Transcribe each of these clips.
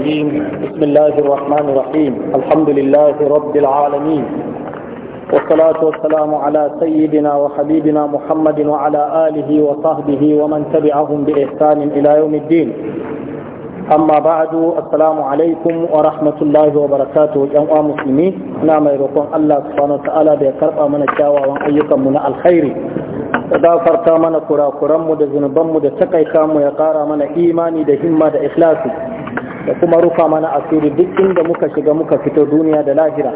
الرجيم بسم الله الرحمن الرحيم الحمد لله رب العالمين والصلاة والسلام على سيدنا وحبيبنا محمد وعلى آله وصحبه ومن تبعهم بإحسان إلى يوم الدين أما بعد السلام عليكم ورحمة الله وبركاته يا مسلمين نعم يرقون الله سبحانه وتعالى بيكرب من الشاوى وأيكم من الخير gafarta mana kurakuranmu da zunubanmu da takaita mu ya kara mana imani da himma da ikhlasi da kuma rufa mana asiri duk inda muka shiga muka fito duniya da lahira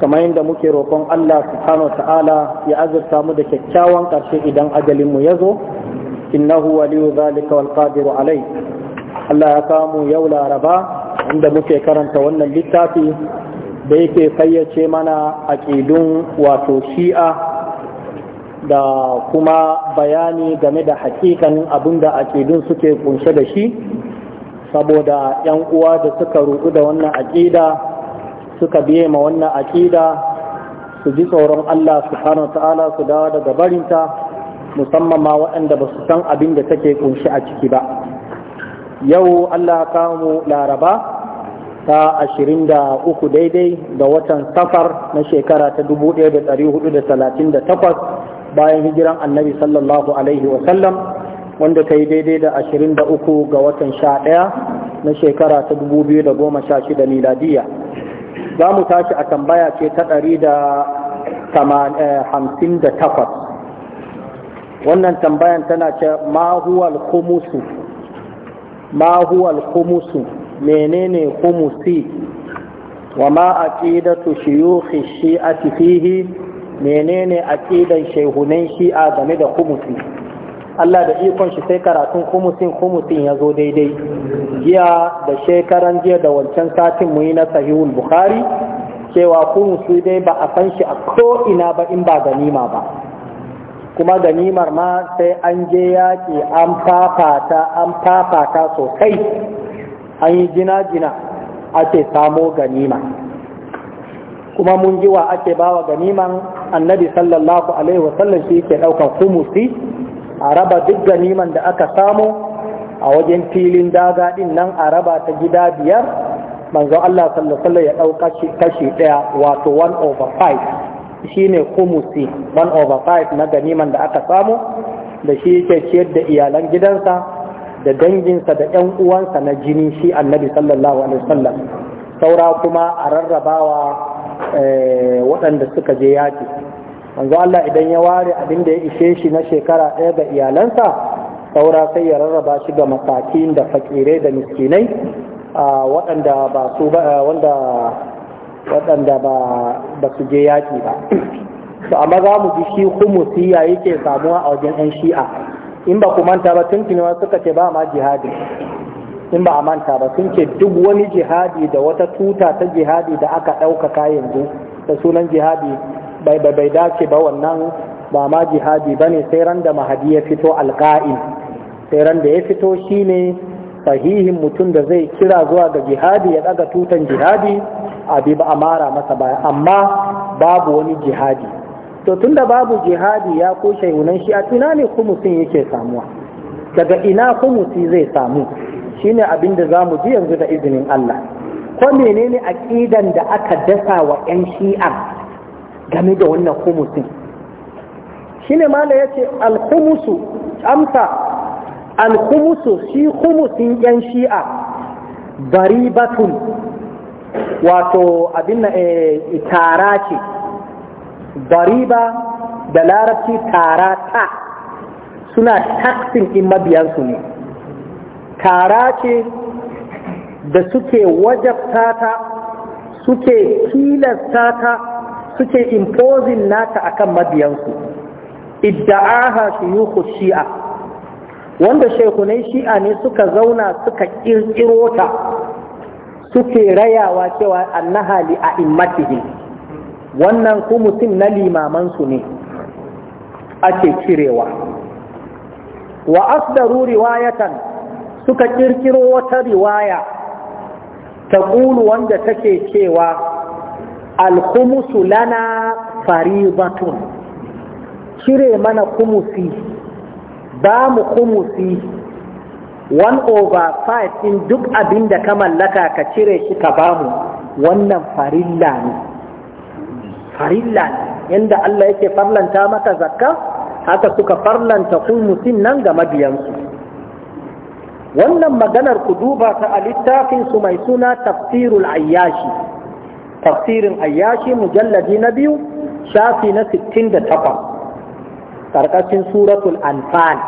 kamar yadda muke roƙon Allah subhanahu wa ta'ala ya azurta mu da kyakkyawan ƙarshe idan ajalinmu ya zo innahu waliyu zalika wal qadiru alai Allah ya mu yau laraba inda muke karanta wannan littafi da yake fayyace mana aƙidun wato shi'a da kuma bayani game da hakikanin abin da aƙidun suke kunshe da shi saboda yan uwa da suka ruɗu da wannan aƙida suka biye ma wannan aƙida su ji tsoron Allah subhanahu ta'ala su dawo daga barinta musamman ma waɗanda ba su san abin da take kunshi a ciki ba yau Allah kamu laraba ta ashirin da uku daidai da watan safar na shekara ta dubu ɗaya da da da takwas bayan hijiran annabi sallallahu alaihi sallam. wanda ta yi daidai da 23 ga watan 11 na shekara ta 2016 miladiya za mu tashi a tambaya ce ta 158 eh, wannan tambayan tana ce mahuwal kumusu mahuwal kumusu menene kumusi wa ma aqidatu shuyukhi shi'ati fihi menene ƙidan shehunan a game da kumusi Allah da ikon shi sai karatun kumusin kumusin ya zo daidai jiya da shekaran jiya da wancan satin mu yi na sahihul bukhari cewa kumusu dai ba a san shi a ko'ina ba in ba ganima ba kuma ganimar ma sai an je yaƙi an fafata an fafata sosai an yi jina-jina ake samo ganima kuma mun ji wa ake bawa ganiman annabi sallallahu alaihi wasallam shi ke ɗaukan kumusi a raba duk ganiman da aka samu a wajen filin daga din nan a raba ta gida biyar manzo Allah sallallahu alaihi ya ɗau kashi ɗaya wato 1 over 5 shine kumusi 1 over 5 na ganiman da aka samu da shi yake ciyar da iyalan gidansa da danginsa da ‘yan uwansa na jini shi annabi sallallahu alaihi wasallam saura kuma a rarrabawa eh, waɗanda suka je yaki manzo Allah idan ya ware abin da ya ishe shi na shekara ɗaya ga iyalansa saura sai ya rarraba shi ga masakin da fakirai da miskinai waɗanda ba su ba wanda waɗanda ba su je yaƙi ba to amma za mu ji shi humusi ya yake samuwa a wajen 'yan shi'a in ba ku manta ba tun kinewa suka ce ba ma jihadi in ba a manta ba sun ce duk wani jihadi da wata tuta ta jihadi da aka ɗaukaka yanzu da sunan jihadi bai bai dace ba wannan ba ma jihadi ba ne sai randa mahadi ya fito alƙa'in sai randa ya fito shine sahihin mutum da zai kira zuwa ga jihadi ya ɗaga tutan jihadi a bi ba a masa baya amma babu wani jihadi to tunda babu jihadi ya kushe shaihunan shi a ina ne kumusin yake samuwa daga ina kumusi zai samu shine abin da zamu ji yanzu da izinin Allah ko menene aqidan da aka dasa wa 'yan shi'a game da wannan humusin shine mala yace ce alhumusu amsa alhumusu shi humusin yan shi'a Bari batun wato abin eh, tara ce Bari ba, da larabci tara ta suna taksin in mabiyansu ne tara ce da suke wajabta ta suke tilasta ta suke imposing nata akan mabiyansu idda'aha shuyukhu shi'a wanda shekunai shi'a ne suka zauna suka kirkiro ta suke rayawa cewa annaha li a'immatihim wannan ku mutum na limamansu ne ake cirewa wa asdaru riwayatan suka kirkiro wata riwaya ta wanda take cewa alhumusu lana faribatun cire mana kumusi ba mu kumusi one over five in duk abin da ka mallaka ka cire shi ka ba mu wannan farilla ne farilla ne yadda Allah yake farlanta maka zakka haka suka farlanta kumusin nan ga mabiyansu wannan maganar ku duba ta a littafinsu mai suna tafsirul ayyashi tafsirin ayyashi mujalladi na biyu shafi na 68 karkashin suratul anfal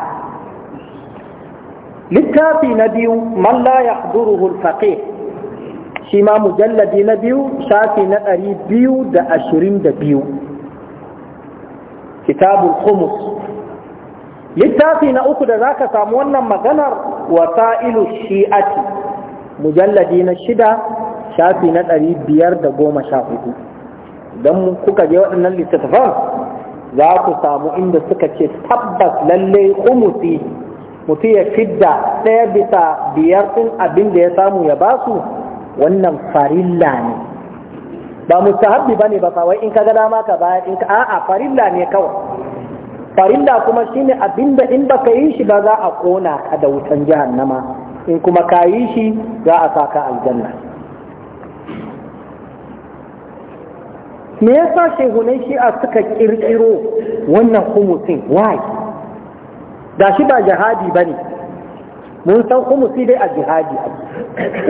littafi na biyu man la yahduruhu shi ma mujalladi na biyu shafi na 222 kitabul khumus littafi na uku da zaka samu wannan maganar wasa'ilu shi'ati mujalladi na shida shafi na ɗari biyar da goma sha hudu don kuka je waɗannan littattafan za ku samu inda suka ce tabbas lalle umusi mutu ya fidda ɗaya bisa biyar ɗin abin da ya samu ya ba su wannan farilla ne ba mustahabbi bane ba kawai in ka ga dama ka baya in ka a'a farilla ne kawai farilla kuma shine abinda in baka yi shi ba za a kona ka da wutan nama, in kuma ka yi shi za a saka aljanna me yasa shehunai shi'a suka kirkiro wannan humusin why da shi ba jihadi ba ne mun san humusi dai a jihadi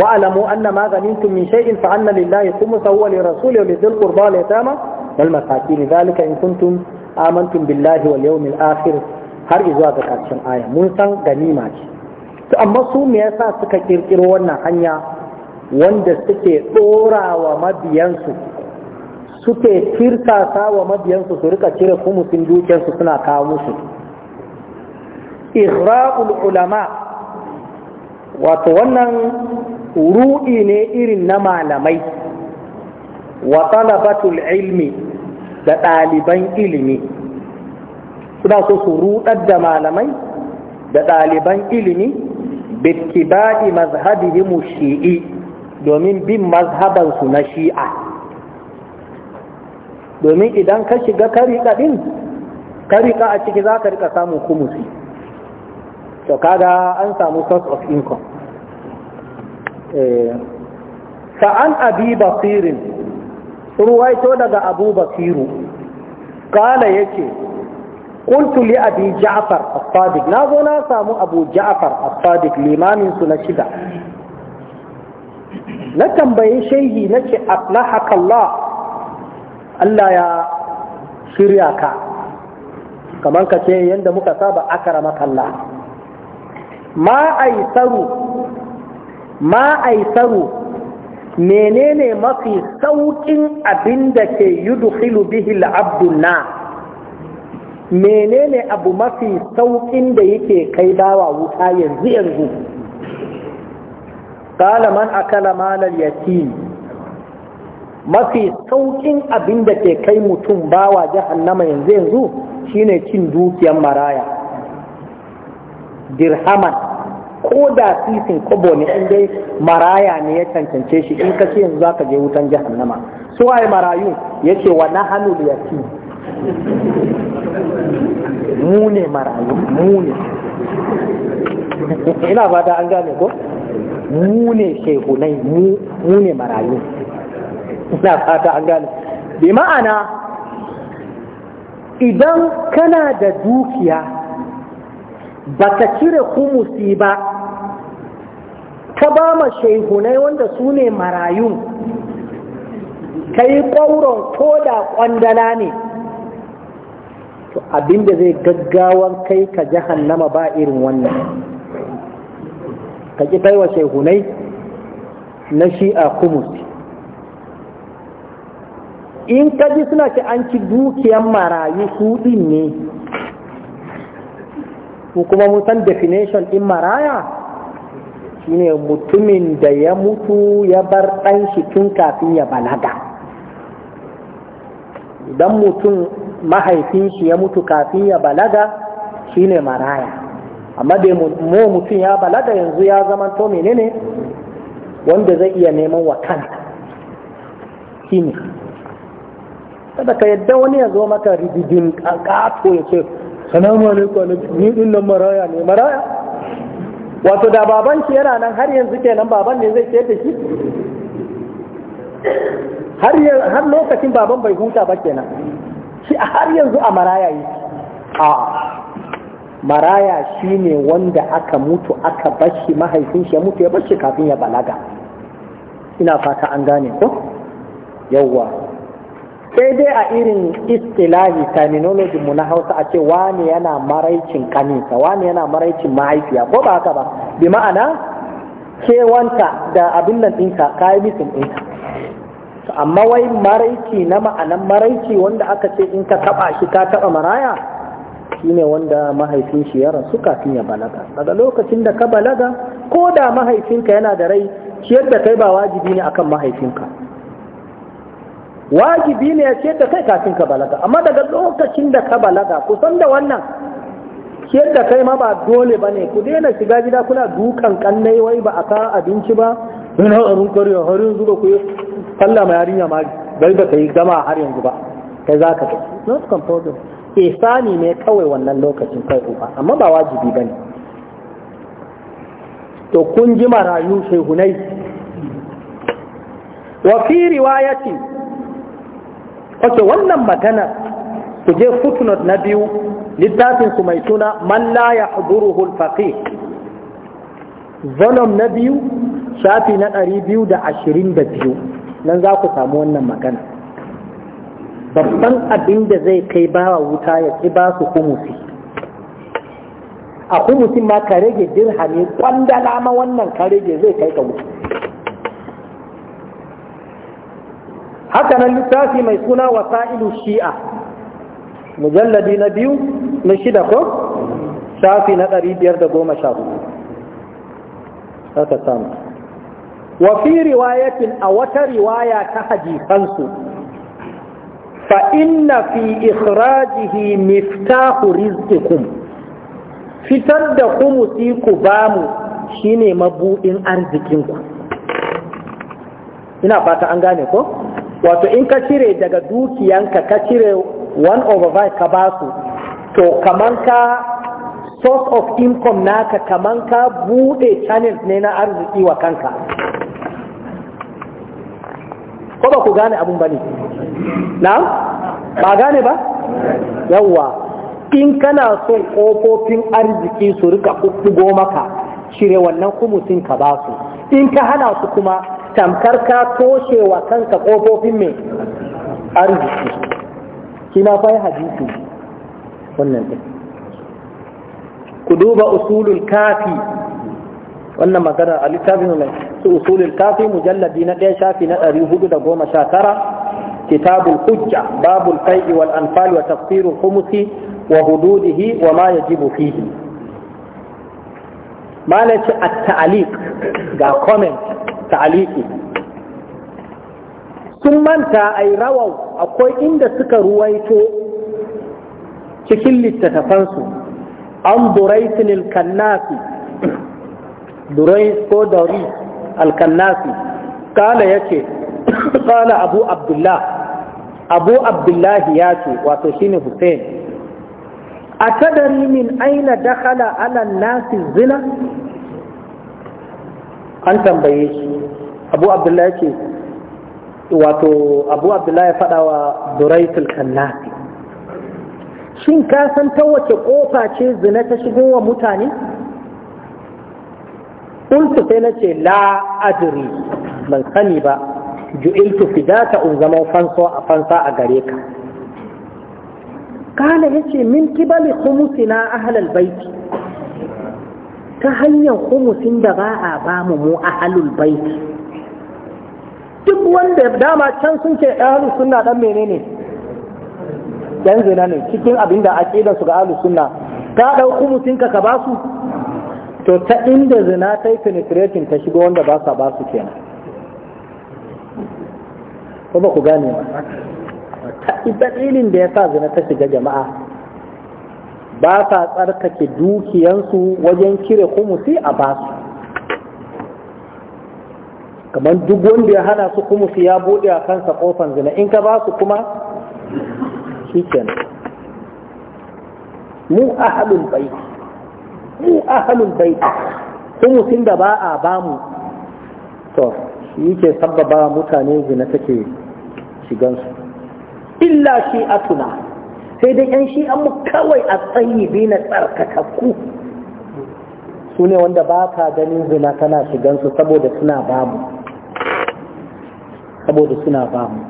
wa alamu anna ma ghanimtum min shay'in fa anna lillahi khumsahu wa lirasuli wa lidhil qurba wal yatama wal masakin dhalika in kuntum amantum billahi wal yawmil akhir har zuwa ga karshen aya mun san ganima ce to amma su me yasa suka kirkiro wannan hanya wanda suke dorawa wa mabiyansu suke firsasa wa mabiyansu su rika cire kumusin dukiyarsu suna kawo musu ihra'ul ulama wato wannan ru'i ne irin na malamai wa talabatul ilmi da ɗaliban ilimi suna so su ruɗar da malamai da ɗaliban ilimi bittiba'i mazhabihim shi'i domin bin mazhabansu na shi'a domin idan ka shiga karika din karika a ciki za ka rika samun kumusi to kaga an samu source of income eh, fa'an abi basirin ruwaito daga abu basiru kala yake qultu li abi ja'far as-sadiq na zo na samu abu ja'far as-sadiq limamin su na shida na tambaye shehi nace aflahaka Allah Allah ya shirya ka kamar ka ce yadda muka saba akara makalla ma aisaru ma aisaru menene mafi sauƙin abin da ke yudkhilu bihi abduna menene abu mafi sauƙin da yake kai dawa wuta yanzu yanzu man akala أكل مال اليتيم mafi saukin abin da ke kai mutum bawa jahannama yanzu yanzu shine cin dukiyar maraya dirhaman ko da sisin kobo ne ɗan dai maraya ne ya cancance shi in kace yanzu ka je wutan jahannama su waye marayu ya ce wa na da ya mu ne marayu mu ne ina fata an gane ko mu ne shehunai mu ne marayu na fata an gane bi ma'ana idan kana da dukiya ba ka cire kumusi ba ka ba ma shehunai wanda su ne marayun ka yi ƙwauron ko da ƙwandala ne to abinda zai gaggawan kai ka jahannama ba irin wannan ka ƙi kai wa shehunai na shi'a kumusi in ka ji suna ce an ci dukiyan marayu su din ne ko kuma mun san definition ɗin maraya shine mutumin da ya mutu ya bar ɗan shi tun kafin ya balaga idan mutum mahaifin shi ya mutu kafin ya balaga shine maraya amma da mu mutum ya balaga yanzu ya zama to menene wanda zai iya neman wa kanta shine kada ka yadda wani ya zo maka rididin ƙaƙato ya ce salamu alaikum ni din nan maraya ne maraya wato da baban shi yana nan har yanzu kenan baban ne zai ce da shi har lokacin baban bai huta ba kenan shi har yanzu a maraya yi a maraya shi ne wanda aka mutu aka bashi mahaifin shi ya mutu ya bashi kafin ya balaga ina fata an gane ko yawwa sai dai a irin istilahi terminology mu na hausa a ce wani yana maraicin kaninsa wani yana maraicin mahaifiya ko ba haka ba bi ma'ana kewanta da abin nan ɗinka kayi misin ɗinka amma wai maraici na ma'anan maraici wanda aka ce in ka taba shi ka taba maraya shine wanda mahaifin shi ya rasu kafin ya balaga daga lokacin da ka balaga ko da mahaifinka yana da rai ciyar da kai ba wajibi ne akan mahaifinka wajibi ne ya ciyar da kai kafin ka balaga amma daga lokacin da ka balaga kusan da wannan ciyar da kai ma ba dole ba ne ku daina shiga gida kuna dukan kannai wai ba a ka abinci ba yana harin kariya har yanzu ba ku yi falla mai yarinya ma bai ba ka yi gama har yanzu ba kai za ka kai not compulsory ihsani ne kawai wannan lokacin kai uba amma ba wajibi ba ne to kun ji marayu shehunai wa fi riwayatin ok wannan magana ku je footnote na biyu littafin su mai suna man la yahduruhu al-faqih volume na biyu shafi na ɗari biyu da ashirin da biyu nan za ku samu wannan magana babban abin da zai kai bawa wuta ya ci ba su humusi, a humusin ma ka rage dirhami kwandala ma wannan ka rage zai kai ka wuta haka nan littafi mai suna wasa'ilu shi'a mujalladi na biyu na shida ko shafi na ɗari biyar da goma sha hudu samu wa fi riwayatin a wata riwaya ta hadisansu fa inna fi ikhrajihi miftahu rizqikum fitar da kumusi ku bamu shine mabuɗin arzikinku ina fata an gane ko wato in ka cire daga dukiyanka ka cire one over five ka basu to kamar ka source of income naka kaman ka bude channels ne na arziki wa kanka ko ba ku gane abun bane na ba gane ba yawwa in kana son kofofin arziki su rika kukkugo maka cire wannan kumusin ka basu in ka hana su kuma tamkar ka toshe wa kanka ƙofofin mai arziki shi ma fa hadisi wannan ɗin wannan magana a littafin mai su usulul kafi mujalladi na ɗaya shafi na ɗari hudu da goma sha tara kitabul hujja babul fai'i wal anfal wa tafsirul humusi wa hududihi wa ma yajibu fihi malaci at-ta'aliq ga comment ta'aliki sun manta ai rawau akwai inda suka ruwaito cikin littattafansu an duraitin alkannasi durais ko dauri alkannasi kala ya ce kala abu abdullah abu abdullahi ya ce wato shine hussein a tadari min aina dakhala ala nasi zina an tambaye shi abu abdullahi ce wato abu abdullahi ya faɗa wa duraitul kannasi shin ka san ta wace kofa ce zina ta shigo wa mutane qultu sai ce la adri ban sani ba ju'iltu fidaka un zama fanso a fansa a gare ka kana ce min kibali khumusina ahlal baiti ta hanyar humusin da ba a ba mu mu halul baiti duk wanda dama can sun ce ahalus suna dan menene yan zina ne cikin abin da da su ga ahalus suna ka dau humusin ka ka ba su to ta inda zina ta yi penetrating ta shigo wanda ba sa ba su kenan ko ba ku gane ba ta dalilin da ya sa zina ta shiga jama'a ba sa tsarkake dukiyansu wajen kire kumusi a basu kamar duk wanda ya hana su kumusi ya bude a kansa kofan zina in ka ba su kuma shi mu ahalul bai mu ahalul bai kumusin da ba a bamu, to shi ke sabbaba mutane zina take shigansu illa shi atuna sai dai yan shi mu kawai a tsayi na tsarkakakku su ne wanda ba ka ganin zina tana shigansu saboda suna bamu saboda suna bamu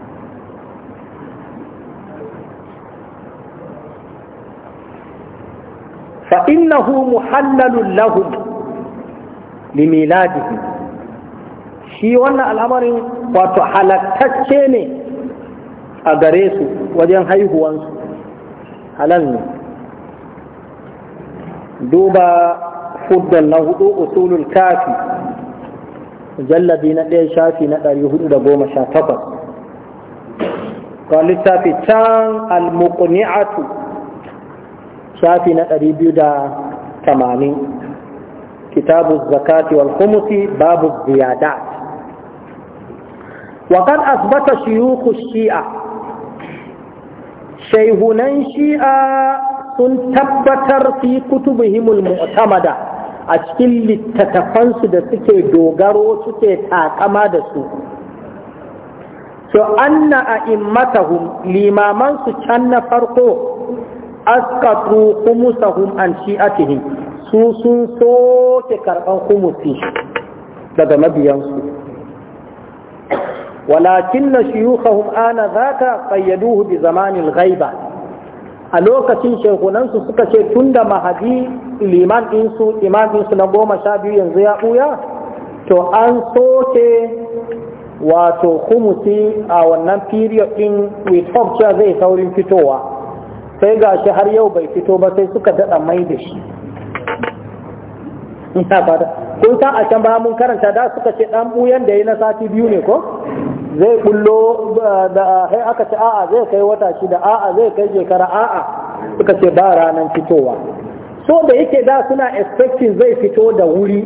فإنه محلل لهم shi wannan al'amarin wato halattacce ne a gare su wajen haihuwansu halal ne duba fuddan na hudu usulul kafi jallabi na ɗaya shafi na ɗari hudu da goma sha takwas ga littafi can almuqni'atu shafi na ɗari biyu da tamanin kitabu zakati wal khumusi babu ziyadat وقد أثبت شيوخ الشيعة shaihunan shi'a sun tabbatar fi kutubihimul mu'tamada a cikin littattafansu da suke dogaro suke takama da su to anna immatahum limaman su can na farko askatu humusahum an shi'atihim su sun soke karɓar humusi daga mabiyansu walakin shuyukhahum ana zaka qayyaduhu bi zamanil ghaiba a lokacin shehunansu suka ce tunda mahadi liman insu imam na goma sha biyu yanzu ya buya? to an soke wato kumusi a wannan period ɗin with zai saurin fitowa sai ga har yau bai fito ba sai suka daɗa mai da shi kun san a can ba mun karanta da suka ce ɗan buyan da ya na sati biyu ne ko zai bullo da aka ce a'a zai kai wata shida a'a zai kai shekara a'a suka ce ba ranar fitowa so da yake da suna expecting zai fito da wuri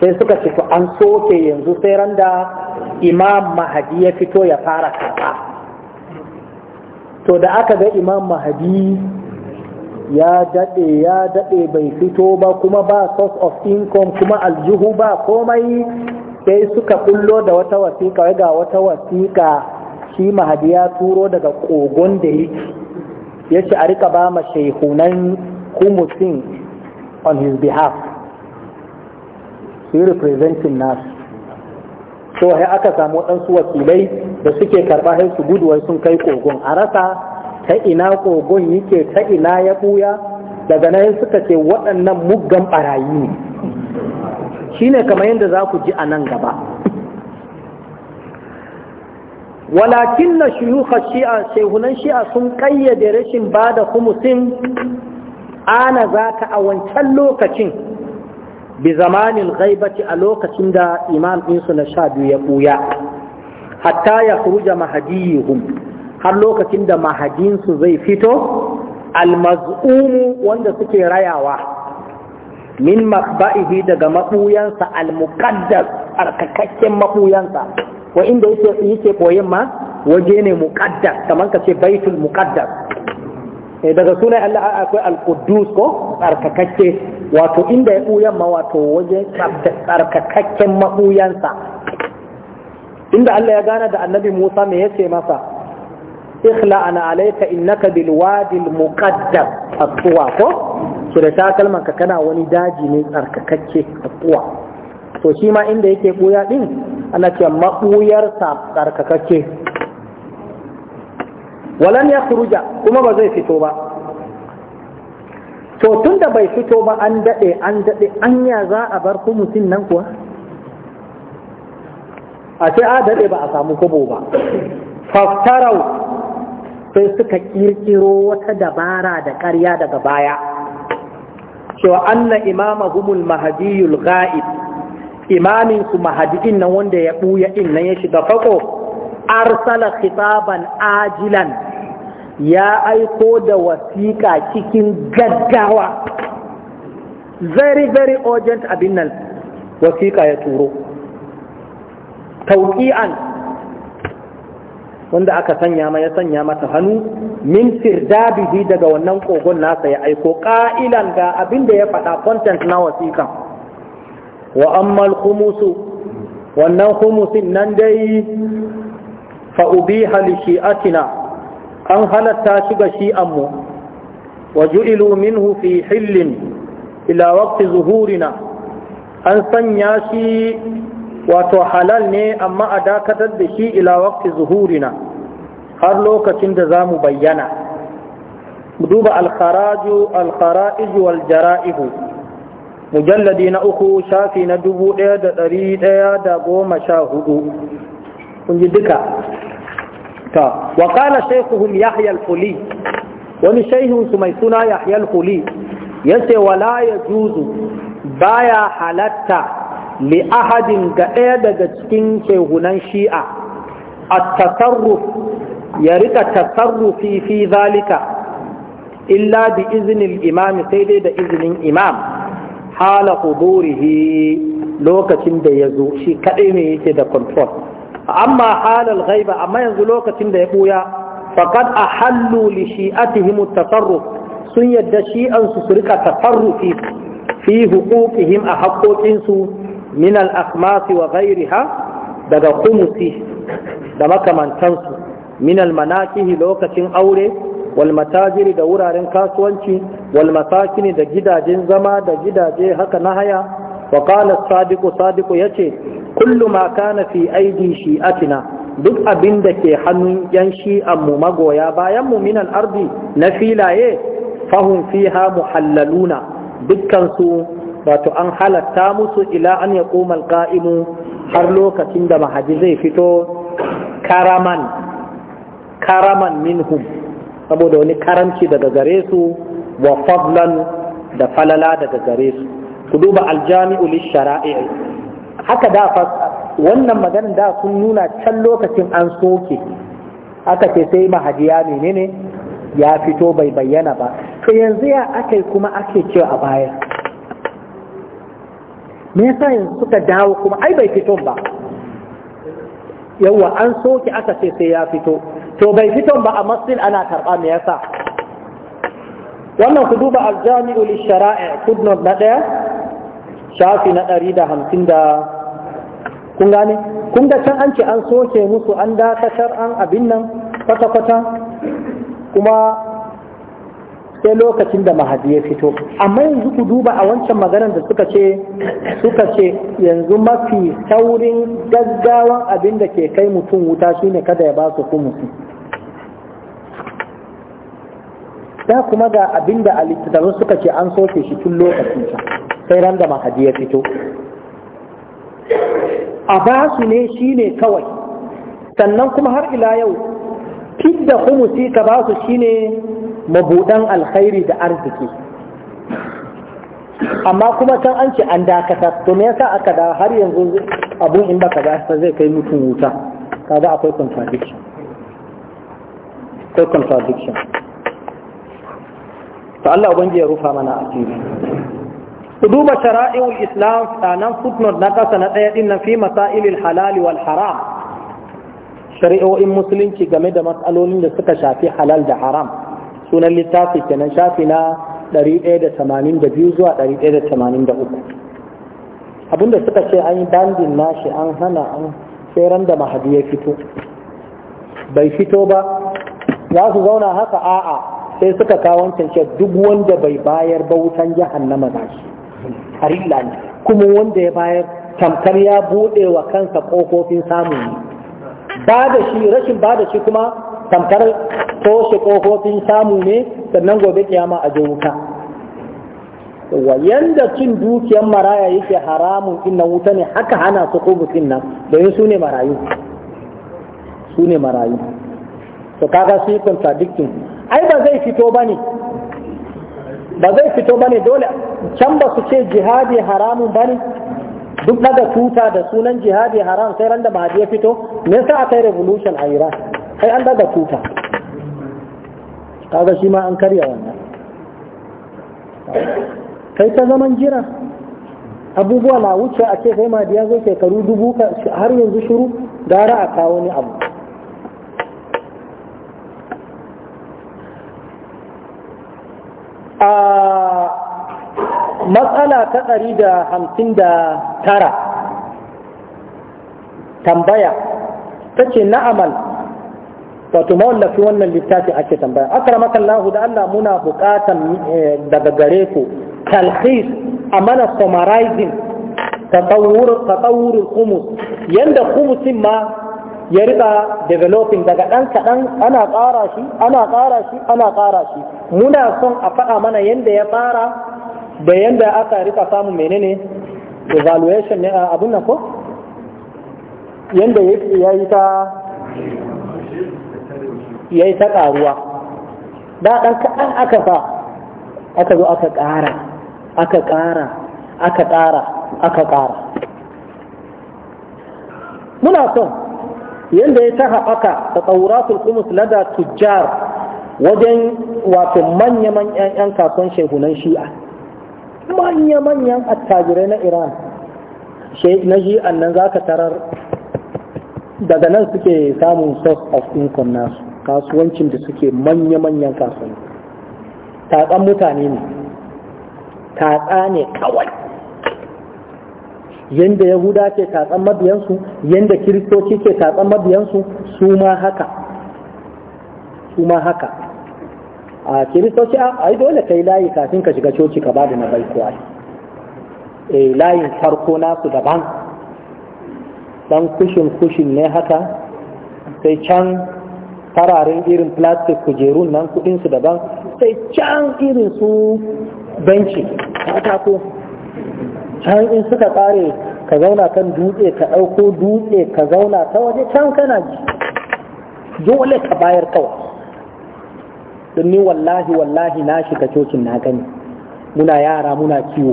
sai suka ce an soke yanzu sai ran da imam mahadi ya fito ya fara kaka to da aka ga imam mahadi ya daɗe ya daɗe bai fito ba kuma ba source of income kuma aljihu ba komai sai suka bullo da wata wasiƙa ga wata wasiƙa shi mahadi ya turo daga kogon da yake ya ce a rika ba ma shehunan humusin on his behalf su yi representing nasu so sai aka samu waɗansu wakilai da suke karɓa sai su gudu sun kai kogon a rasa ta ina kogon yake ta ina ya ɓuya daga nan suka ce waɗannan muggan ɓarayi ne shine kamar yadda za ku ji a nan gaba walakin na shuyuka shi'a shehunan shi'a sun kayyade rashin ba da kumusin ana za ka a wancan lokacin bi zamanin gaibaci a lokacin da imam ɗinsu na sha biyu ya ɓuya hatta ya kuruja mahadiyihum har lokacin da mahadinsu zai fito almaz'umu wanda suke rayawa min mabba'ihi daga mabuyansa al-muqaddas arkakakken mabuyansa wa inda yake yake boyen ma waje ne muqaddas kamar ka ce baitul muqaddas eh, daga sunan Allah akwai al-quddus ko arkakakke wato inda ya buyan ma wato waje arkakakken mabuyansa inda Allah ya gana da annabi Musa me yace masa ikhla ana alayka innaka bil wadi al muqaddam atwa ko so da ta kalman ka kana wani daji ne tsarkakakke atwa to shi ma inda yake buya din ana cewa mabuyar sa tsarkakakke walan ya khuruja kuma ba zai fito ba to tunda bai fito ba an daɗe an daɗe anya za a bar ku mutum nan kuwa a sai a daɗe ba a samu kobo ba faftarau sai suka kirkiro wata dabara da ƙarya daga baya cewa anna imama mahdiyul ghaib imamin su mahadiin nan wanda ya ɓuya inna nan ya shiga fako arsala khitaban ajilan ya aiko da wasiƙa cikin gaggawa very very urgent abin nan wasiƙa ya turo tauƙi'an wanda aka sanya ma ya sanya mata hannu min firdabihi daga wannan kogon nasa ya aiko ƙa'ilan ga abin da ya faɗa content na wasiƙan wa ammal khumusu wannan khumusin nan dai fa ubiha li shi'atina an halatta shi ga mu. wa ju'ilu minhu fi hillin ila waqti zuhurina an sanya shi wato halal ne amma a dakatar da shi ila waqti zuhurina har lokacin da za mu bayyana duba alkharaju alkhara'iju wal jara'ihu mujalladi na uku shafi na dubu ɗaya da ɗari ɗaya da goma sha hudu kun ji duka ta wa qala yahya al wani shaykhun su mai suna yahya al-fuli yace wala yajuzu baya halatta li ahadin ga ɗaya daga cikin shehunan shi'a a tasarruf ya rika tasarrufi fi zalika illa bi izinin imam sai dai da izinin imam hala hudurihi lokacin da ya zo shi kaɗai ne yake da control amma halal gaiba amma yanzu lokacin da ya ɓuya faqad hallu li shi'atihim at-tasarruf sun yadda shi'an su rika tasarrufi fi huquqihim a haƙoƙinsu min al wa ghairiha daga khumsi da makamantansu min al-manakihi lokacin aure wal da wuraren kasuwanci wal da gidajen zama da gidaje haka na haya wa qala sadiqu sadiqu yace kullu ma kana fi aidi shi'atina duk abin da ke hannun yan shi'an mu magoya bayan mu min al-ardi na filaye fahum fiha muhallaluna dukkan su wato an halatta musu ila an ya koma ƙa'imu har lokacin da mahaji zai fito karaman karaman minhum saboda wani karamci daga gare su wa fadlan da falala daga gare su ku duba aljami'u lishara'i haka da fa wannan maganin da sun nuna can lokacin an soke aka ce sai ya menene ya fito bai bayyana ba to yanzu ya aka kuma ake cewa a baya me yasa yanzu suka dawo kuma ai bai fito ba yawa an soke aka ce sai ya fito to bai fito ba a masjid ana karba me yasa wannan ku duba aljami'u lishara'i footnote na ɗaya shafi na ɗari da hamsin da kun gane kun ga can an ce an soke musu an dakatar an abin nan kwata-kwata kuma sai lokacin da mahadi ya fito amma yanzu ku duba a wancan maganar da suka ce suka ce yanzu mafi saurin gaggawan abin da ke kai mutum wuta shine kada ya ba su kumusi da kuma ga abin da alittattafin suka ce an soke shi tun lokacin sai ran da mahadi ya fito a ba su ne shine kawai sannan kuma har ila yau da kumusi ka ba su shine mabuɗan alkhairi da arziki amma kuma can an ce an dakata to me yasa aka da har yanzu abun in baka ba zai kai mutum wuta kaga akwai contradiction akwai contradiction to Allah ubangi ya rufa mana asiri ku duba shara'i'ul islam sanan footnote na kasa na ɗaya din nan fi masailil halal wal haram shari'o'in musulunci game da matsalolin da suka shafi halal da haram sunan littafi kenan shafi na 182 zuwa 183 abinda suka ce an yi bandin nashi an hana an tseren da mahadi ya fito bai fito ba za su zauna haka a'a sai suka kawo ce duk wanda bai bayar ba wutan jahannama na shi a ne kuma wanda ya bayar tamkar ya buɗe wa kansa ƙofofin samun ba da shi rashin ba da shi kuma tamkar toshe kofofin samu ne sannan gobe kiyama a je wuta wa yanda cin dukiyar maraya yake haramun inna wuta ne haka hana su kubutin nan domin su ne marayu su ne marayu to kaga su yi contradicting ai ba zai fito ba ne ba zai fito ba ne dole can ba su ce jihadi haramun ba ne duk daga tuta da sunan jihadi haram sai randa mahadi ya fito me sa aka yi revolution a iran Kai an daga tuta kaga shi ma an karya wannan kai ta zaman jira abubuwa na wuce a ce kai ma da shekaru dubu har yanzu shuru gara a kawo ni abu a matsala ta tsari da hamsin da tara tambaya ta ce na'amal wato mawallafi wannan littafi ake tambaya akramaka Allah da Allah muna bukatan eh, daga gare ku talhis a mana summarizing tatawur tatawur khumus yanda khumusin ma ya riba developing daga dan kadan ana ƙara shi ana ƙara shi ana ƙara shi muna son a faɗa mana yanda ya fara da yanda aka rika samu menene evaluation ne abun nan ko yanda ya yi ta ya yi ta ƙaruwa da ɗan kaɗan aka sa aka zo aka ƙara aka ƙara aka ƙara aka ƙara muna son yadda ya ta haɓaka da tsauratul kumus lada tujjar wajen wato manya-manyan 'yan kasuwan shehunan shi'a manya-manyan attajirai na iran na shi'an nan za ka tarar daga nan suke samun source of income nasu kasuwancin da suke manya-manyan kasuwanci tatsan mutane ne tatsa ne kawai yadda yahuda ke tatsan mabiyansu yadda kiristoci ke tatsan mabiyansu su ma haka su ma haka a kiristoci a yi dole ka yi layi kafin ka shiga coci ka ba da na bai kuwa eh, layin farko nasu daban dan kushin kushin ne haka sai can fararen irin plastic kujerun nan kudinsu daban sai can irin su benci katako can in suka kare ka zauna kan dutse ka ɗauko dutse ka zauna ta waje can kana ji dole ka bayar kawai don ni wallahi wallahi na shiga cocin na gani muna yara muna kiwo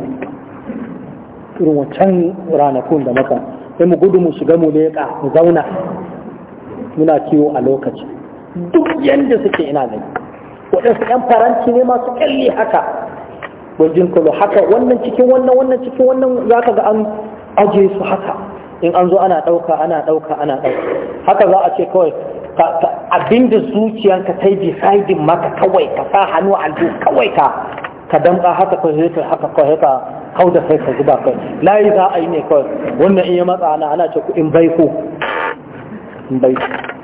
irin wancan ranakun da maka sai mu gudu mu shiga mu leƙa mu zauna muna kiwo a lokaci duk yadda suke ina gani waɗansu ‘yan faranti ne masu ƙyalli haka wajen kulo haka wannan cikin wannan wannan cikin wannan za ka ga an ajiye su haka in an zo ana ɗauka ana ɗauka ana ɗauka haka za a ce kawai abin da zuciyanka ta yi decidin maka kawai ka sa hannu a kawai ka ka damƙa haka kawai haka kawai ka hau da kai ka zuba kai layi za a yi ne kawai wannan in yi matsa ana ana ce kuɗin in baiko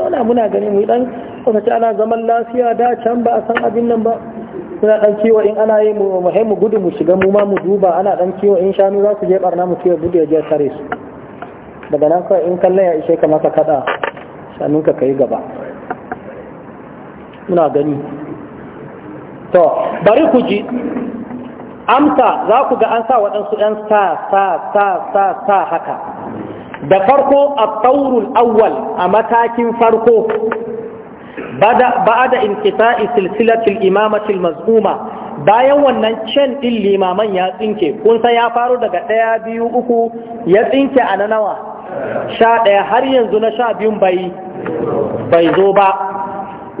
zauna muna gani mu dan kwatace ana zaman lafiya da can ba a san abin nan ba muna dan kiwo in ana yi mu mu gudu mu shiga mu ma mu duba ana dan kiwo in shanu za su je barna mu kiwo gudu ya je tare su daga nan kawai in kallon ya ishe ka maka kada shanun ka kai gaba muna gani to bari ku ji amsa za ku ga an sa waɗansu 'yan sa sa sa sa sa haka da farko a taurul awwal a matakin farko da inqita'i silsilatil Imamatul mazmuma bayan wannan can ɗin limaman ya tsinke kun ya faru daga ɗaya biyu uku ya tsinke a nawa sha ɗaya har yanzu na sha biyun bai zo ba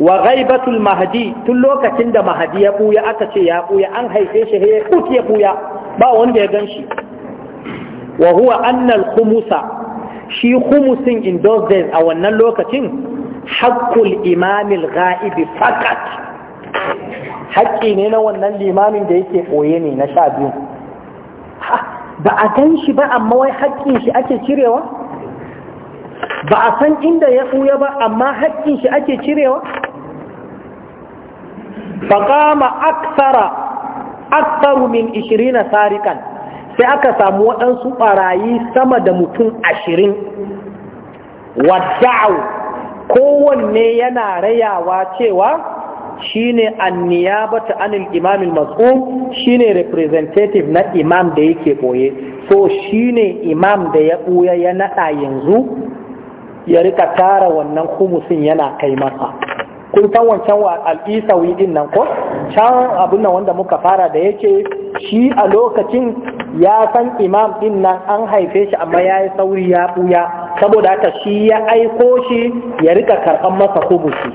wa ghaibatul mahdi tun lokacin da mahdi ya buya aka ce ya buya an haife shi ya ya buya ba wanda ya gan shi wa huwa annal khumusa shi humusin in those days a wannan lokacin haƙƙul imamil ga'ibi fakat haƙƙi ne na wannan limamin da yake ɓoye ne na sha biyu ba a gan shi ba amma wai haƙƙin shi ake cirewa ba a san inda ya ɓuya ba amma haƙƙin shi ake cirewa Ba kama aksara aksaru min ishirina sarikan sai aka samu waɗansu ɓarayi sama da mutum ashirin wadda'u kowanne yana rayawa cewa shine ta anil imamin masu shi shine representative na imam da yake ɓoye so shine imam da ya buya ya naɗa yanzu ya rika tara wannan kumusin yana kai masa kun san wancan wa Al'isa din nan ko can abin nan wanda muka fara da yake shi a lokacin ya san imam din nan an haife shi amma ya yi sauri ya buya saboda haka shi ya aiko shi ya rika karɓar masa kubushi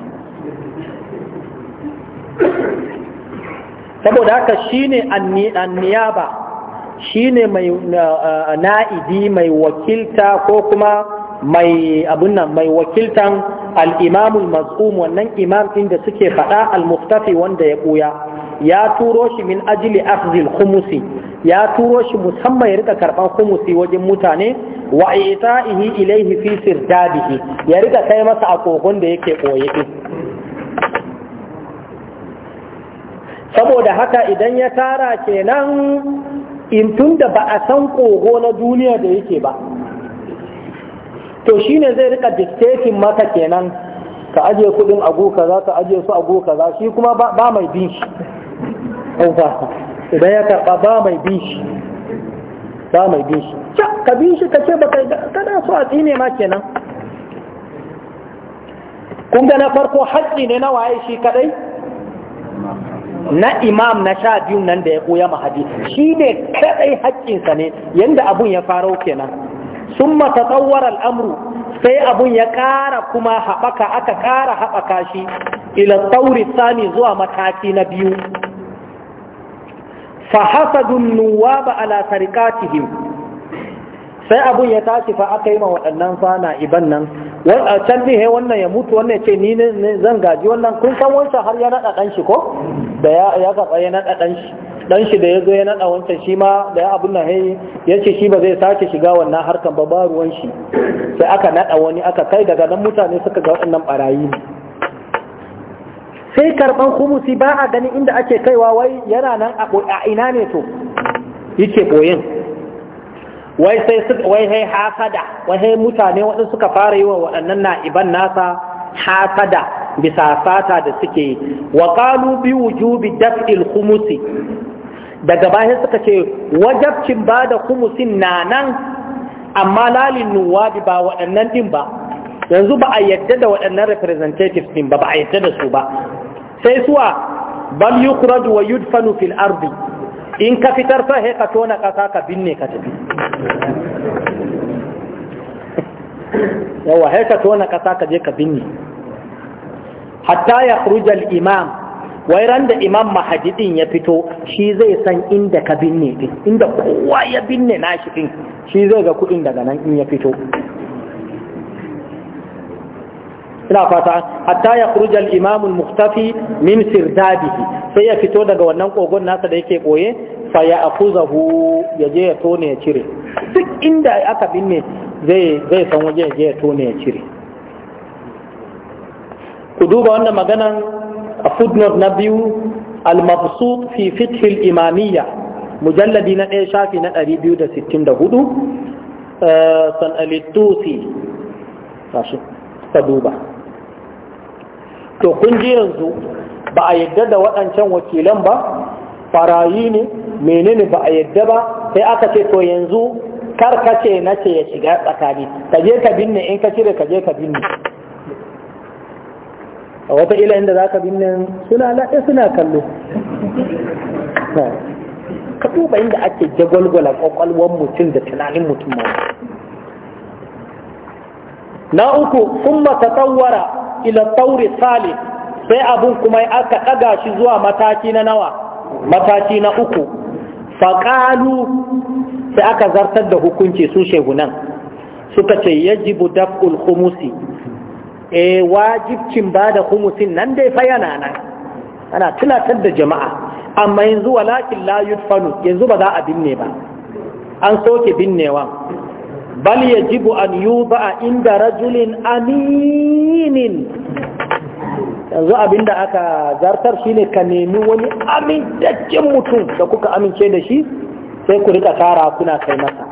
saboda haka shi ne anniyaba shi ne mai na'idi mai wakilta ko kuma mai abun nan mai wakiltan al-imamul wannan imam din da suke faɗa al-muftafi wanda ya buya ya turo shi min ajili akhzil kumusi ya turo shi musamman ya rika karban khumusi wajen mutane wa ita'ihi ilaihi fi sirdadihi ya rika kai masa kogon da yake ɓoye. saboda haka idan ya tara kenan in tunda ba a san kogo na duniya da yake ba to shine zai rika dictating maka kenan ka ajiye kudin agu za ka ajiye su agu za shi kuma ba mai bin shi idan ya karba ba mai bin shi ba mai bin shi ka bin shi ka ce ba ka kana su a tsine ma kenan kun ga na farko haƙƙi ne na waye shi kadai na imam na sha biyun nan da ya koya mahadi shi ne kadai haƙƙinsa ne yadda abun ya faro kenan summa tatawwara al'amru sai abun ya ƙara kuma haɓaka aka ƙara haɓaka shi ila tauri sani zuwa mataki na biyu fa nuwa ba ala sarikatihim sai abun ya tashi fa aka yi ma waɗannan fana iban nan can ne he wannan ya mutu wannan ce ni ne zan gaji wannan kun san wancan har ya naɗa ɗan shi ko da ya karɓa ya naɗa ɗan shi dan shi da ya zo ya naɗa wancan shi ma da ya abun nan ya ce shi ba zai sake shiga wannan harkan ba ba ruwan shi sai aka naɗa wani aka kai daga nan mutane suka ga waɗannan barayi sai karɓan humusi ba a gani inda ake kaiwa wai yana nan a ina ne to yake boyin wai sai wai hasada wai mutane waɗanda suka fara yi wa waɗannan na'iban nasa hasada bisa fata da suke wa bi wujubi daf'il khumusi daga bayan suka ce wajabcin ba da kumusin na nan amma lalin nuwabi ba waɗannan ɗin ba yanzu ba a yadda da waɗannan representatives ɗin ba ba a yadda da su ba sai suwa bal yukhraju wa yudfanu fil ardi in ka fitar fa he ka tona ƙasa ka binne ka tafi yawa he ka tona ƙasa ka je ka binne hatta ya al imam wai ran da imam mahadi din ya fito shi zai san inda ka binne din inda kowa ya binne na shi din shi zai ga kuɗin daga nan in ya fito ina fata hatta ya kuruja al-imam al min sirdabihi sai ya fito daga wannan kogon nasa da yake boye fa ya akuzahu ya je ya tone ya cire duk inda aka binne zai zai san waje ya je ya tone ya cire ku duba wannan maganan a footnote na biyu al-mabsut fi imamiyya mujalladi na ɗaya shafi na 264 eh, san al-tusi sashi duba to kun ji yanzu ba a yadda da waɗancan wakilan ba farayi ne menene ba a yadda ba sai aka ce to yanzu kar ka ce na ce ya shiga tsakani ka je ka binne in ka cire ka je ka binne a wata ila inda za ka binne suna laɗe eh, suna kallo ka duba inda ake jagwalgwala kwakwalwar mutum da tunanin mutum ma na uku kuma ta tsawara ila sai abin kuma aka ɗaga shi zuwa mataki na nawa mataki na uku faƙalu sai aka zartar da hukunci su shegunan suka ce yajibu daf'ul khumusi eh wajibcin ba da humusin nan dai fa yana nan ana tunatar da jama'a amma yanzu walakin la yudfanu yanzu ba za a binne ba an soke binnewa bal yajibu an yuba inda rajulin aminin yanzu abinda aka zartar shine ka nemi wani amintaccen mutum da kuka amince da shi sai ku rika tara kuna kai masa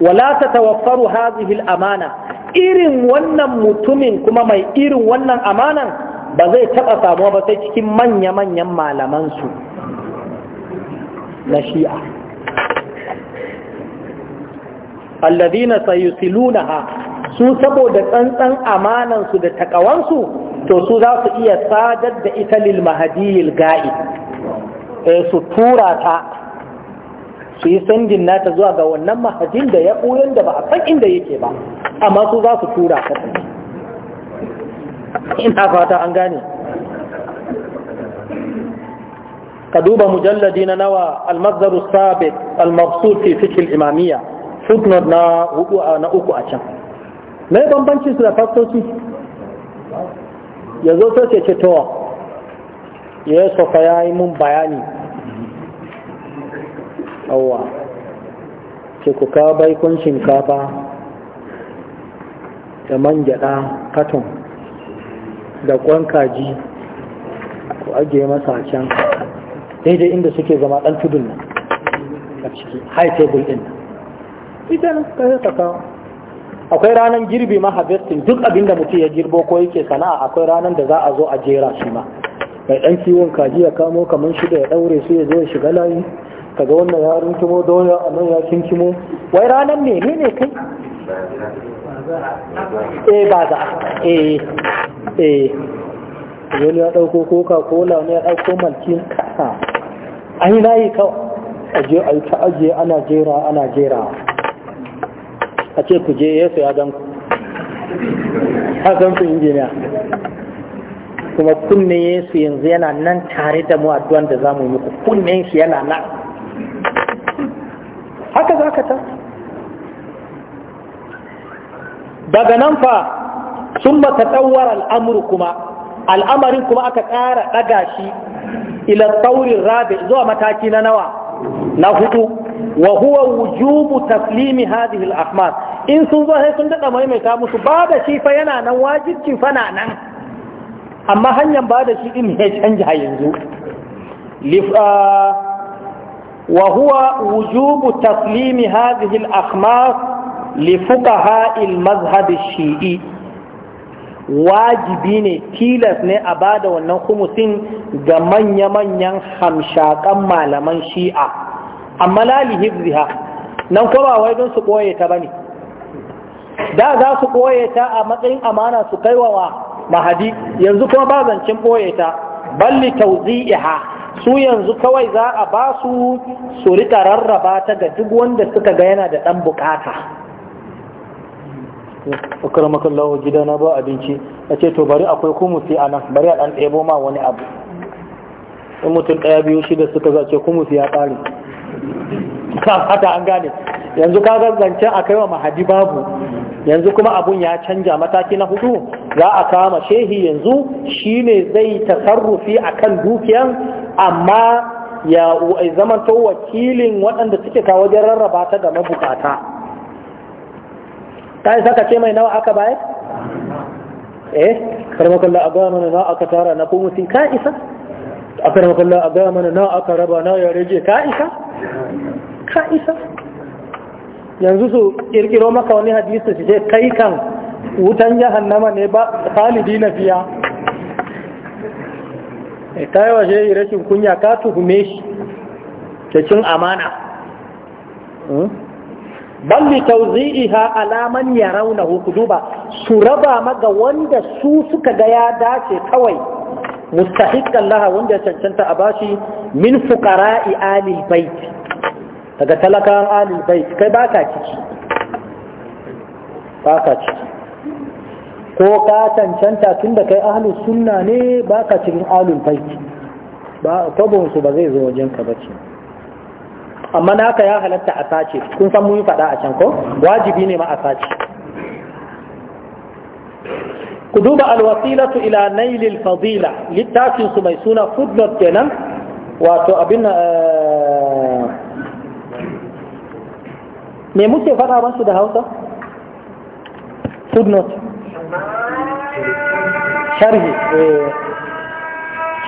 wala tatawaffaru hadhihi al-amana irin wannan mutumin kuma mai irin wannan amanan ba zai taɓa samuwa ba sai cikin manya-manyan malamansu na shi'a na ha, su saboda tsantsan amanansu da takawansu to su za su iya sadar da ita lil mahadiyil ga'i eh, su tura ta su yi sandin nata zuwa ga wannan mahajin da ya ɓoyon da ba a san inda yake ba amma su za su tura ka ina fata an gane ka duba mujalladi na nawa almazzaru sabit almabsud fi fikil imamiyya footnote na hudu na uku a can mai bambanci su da fastoci yanzu sai ce towa ya sofa ya yi mun bayani awwa ce ku kawo baikon shinkafa da man gyada katon da kwan kaji ku ajiye masa can daidai inda suke zama dan tudun nan a ciki high table din ita nan ka ta kawo akwai ranar girbi ma harvesting duk abinda mutum ya girbo ko yake sana'a akwai ranar da za a zo a jera shi ma mai ɗan kiwon kaji ya kamo kamar shida ya ɗaure, su ya zo ya shiga layi ga wannan ya runtumo da wani a nan ya kinkimo wai ranar ne kai eh ba za eh eh wani ya ɗauko coca cola wani ya ɗauko malkin kasa an na yi kawai aje a yi ta aje ana jera ana jera a ce ku je yesu ya ganku. ha ya gan ku injiniya kuma kunnen yesu yanzu yana nan tare da mu a addu'an da za mu yi muku kunnen shi yana nan haka za ka ta daga nan fa sun mata ta tsawar al'amuru kuma al'amarin kuma aka ƙara ɗaga shi ila tsaurin rabe zuwa mataki na nawa na hudu wa huwa wujubu taslimi hadhihi al-ahmar in sun zo sai sun daɗa maimaita musu ba da shi fa yana nan wajibci fa na nan amma hanyar ba da shi din ya canja yanzu ah, وهو وجوب تسليم هذه الأخماس لفقهاء المذهب الشيعي wajibi ne tilas ne a ba da wannan kumusin ga manya-manyan hamshakan malaman shi'a amma lali hibziha nan ba wai don su koye ta bane da za su koye ta a matsayin amana su wa mahadi yanzu kuma ba zancen koye ta balli tauzi'iha su yanzu kawai za a ba su su rika rarraba ta ga duk wanda suka ga yana da ɗan bukata akaramakan lawo gida na ba abinci a ce to bari akwai kumusi a nan bari a ɗan ɗebo ma wani abu in mutum ɗaya biyu shida suka zace kumusi ya ƙare hata an gane yanzu ka zancen a kai wa mahadi babu yanzu kuma abun ya canja mataki na hudu za a kama shehi yanzu shi ne zai tasarrufi akan dukiyan amma ya zamanto wakilin waɗanda suke kawo wajen rarraba ta ga mabukata ta yi saka ce mai nawa aka bayar? eh karmakon a gaya mana nawa aka tara na kuma mutum ka isa? a karmakon a gaya mana nawa aka raba nawa ya rage ka isa? ka isa? yanzu su kirkiro maka wani hadisi su ce kai kan wutan jahannama ne ba khalidi na fiya E, eh, kai washe yi rashin kunya ka tuhume shi cikin amana hmm? balli tauzi'iha alaman ya rauna ku duba su raba maga wanda su suka ga ya dace kawai mustahiqqan laha wanda ya cancanta a bashi min fuqara'i alil bait daga talakawan alul bai kai ba ka ciki ba ka ciki ko ka cancanta tun da kai ahlus suna ne ba ka cikin alul bai ba kwabonsu ba zai zo wajen ka bace amma naka ya halatta a sace kun san mun fada a can ko wajibi ne ma a sace ku duba alwasilatu ila nailil fadila littafin mai suna footnote kenan wato abin eh, me muke faɗa masu da hausa footnote sharhi eh,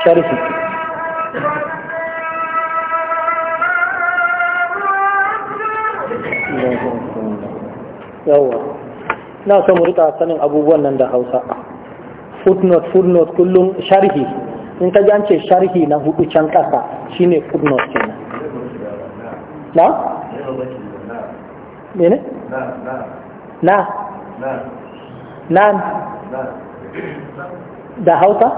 sharhi yawa na son mu rika sanin abubuwan nan da hausa footnote footnote kullum sharhi in ka ji an ce sharhi na hudu can kasa shine footnote kenan na mene na nan da hausa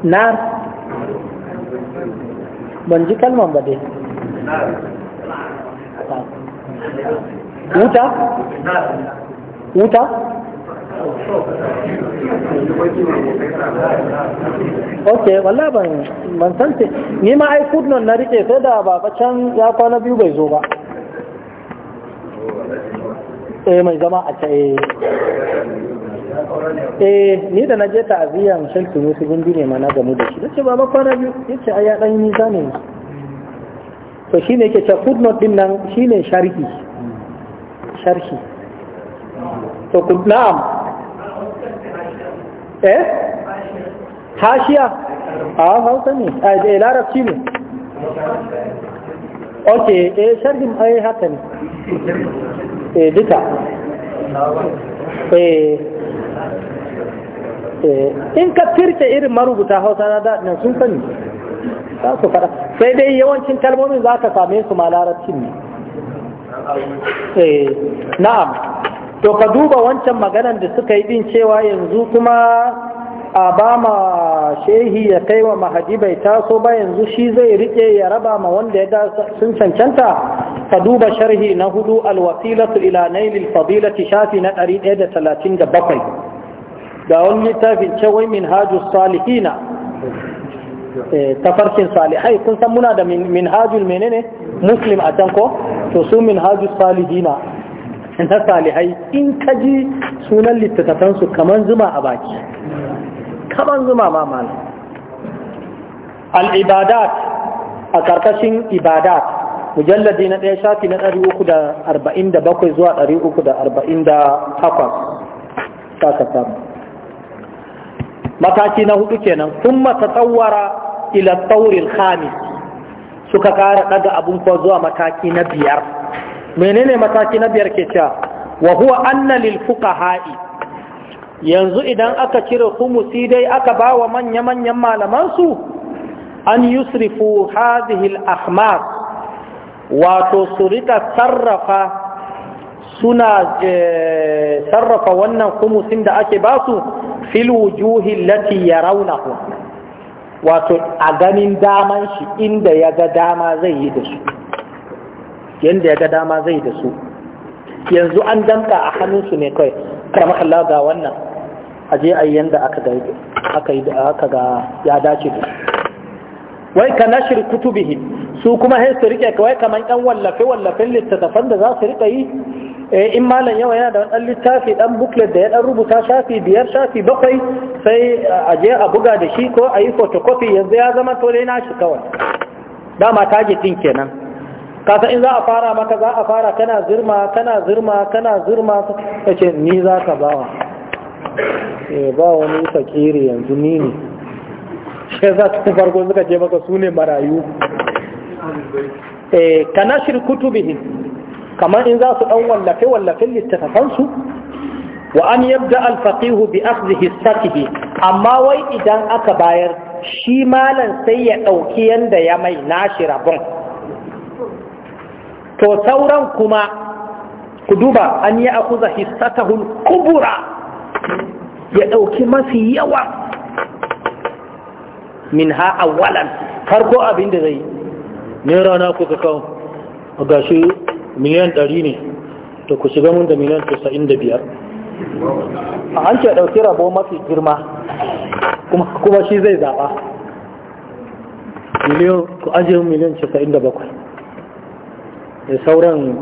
nar ban ji kalman ba dai wuta wuta ok walla ban ban san ce ni ma ai non na rike sai da baba can ya kwana biyu bai zo ba eh mai zama a ta eh eh ni da na je ta aziyan ne su gundu ne ma na gamu da shi nace baba kwana biyu yace ai ya dan yi zane to shine yake ta not din nan shine sharhi sharhi to na'am eh hashiya a hausa ne a eh, larabci ne ok eh sharhin ai haka ne eh duka eh, eh in ka firce irin marubuta hausa na daɗin sun sani za su fara sai dai yawancin kalmomin za ka same su ma larabcin ne eh, na'am to ka duba wancan maganar da suka yi din cewa yanzu kuma a ba ma shehi ya kai wa mahaji bai taso ba yanzu shi zai rike ya raba ma wanda ya sun cancanta ka duba sharhi na hudu alwasilatu ila nailil fadilati shafi na 137 ga wani littafin cewai min hajjus salihina eh, tafarkin salihai kun san muna da min hajjul menene muslim a can ko to su min hajjus salihina na salihai in ka ji sunan littattafansu kamar zuma a baki kamar zuma ma mana al-ibadat a ƙarƙashin ibadat mujalladi na ɗaya shafi na 347 zuwa 348 saka samu mataki na hudu kenan sun matsawara ila tsaurin khamis suka ƙara ɗaga abun ko zuwa mataki na biyar menene mataki na biyar ke cewa wa huwa anna fuqaha'i yanzu idan aka cire humusi dai aka ba wa manya-manyan malamansu an yusrifu hadhihi al-ahmar wato su rika sarrafa suna eh, sarrafa wannan humusin da ake ba su fil wujuhi allati yarawnahu wato a ganin daman shi inda ya ga dama zai yi da su yadda ya ga dama zai da su yanzu an damka a hannunsu ne kai kar Allah ga wannan a je a yi yadda aka ga ya dace da wai ka nashir kutubihi su kuma hin su rike kawai kamar yan wallafe wallafen littattafan da za su rika yi eh, in malam yawa yana da wani littafi dan booklet da ya dan rubuta shafi biyar shafi bakwai sai a je a buga da shi ko a yi photocopy yanzu ya zama tole na shi kawai dama targetin kenan kasa in za a fara maka za a fara kana zirma kana zirma kana zirma ya ce ni za ka bawa eh, ba wani fakiri yanzu ni ne shi za su farko suka je maka su ne marayu eh, ka nashir kutubihin kamar in za su ɗan wallafe wallafen littattafansu wa an yabda alfaqihu bi akhdhi hissatihi amma wai idan aka bayar shi malan sai ya ɗauki yanda ya mai nashi rabon to sauran kuma ku duba an yi akuza hissatahul kubura ya ɗauki mafi yawa min ha awalan farko abin da zai ne rana kuka kawo A gashi miliyan ɗari ne to ku shiga mun da miliyan A an ce ɗauki rabo mafi girma kuma shi zai zaɓa miliyan ku ajiye miliyan bakwai. sauran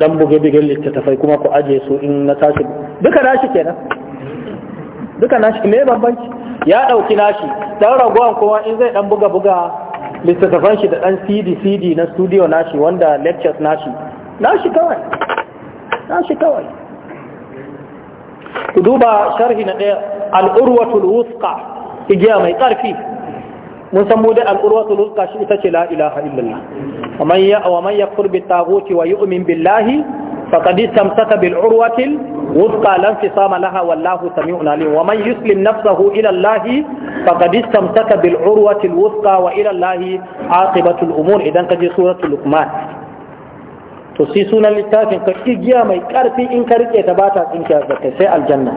dan buge-bugen littattafai kuma ku aje su in na tashi duka nashi kenan duka nashi me bambanci ya dauki nashi dan ragowan kuma in zai dan buga-buga littattafan shi da dan CD CD na studio nashi wanda lectures nashi nashi kawai nashi kawai ku duba sharhi na daya al-urwatul wusqa igiya mai karfi mun san mudai al’urwatu lulka shi ita ce la’ilaha illallah wa man ya furbi taguci wa yi billahi faƙadi tamsaka bil urwatil wuska lan fi wallahu sami unali wa man yuslim nafsahu ilallahi faƙadi tamsaka bil urwatil wuska wa ilallahi aqibatul umur idan ka je suratu lukman to si sunan littafin ka igiya mai ƙarfi in ka riƙe ta ba ta tsinkiya zakai sai aljanna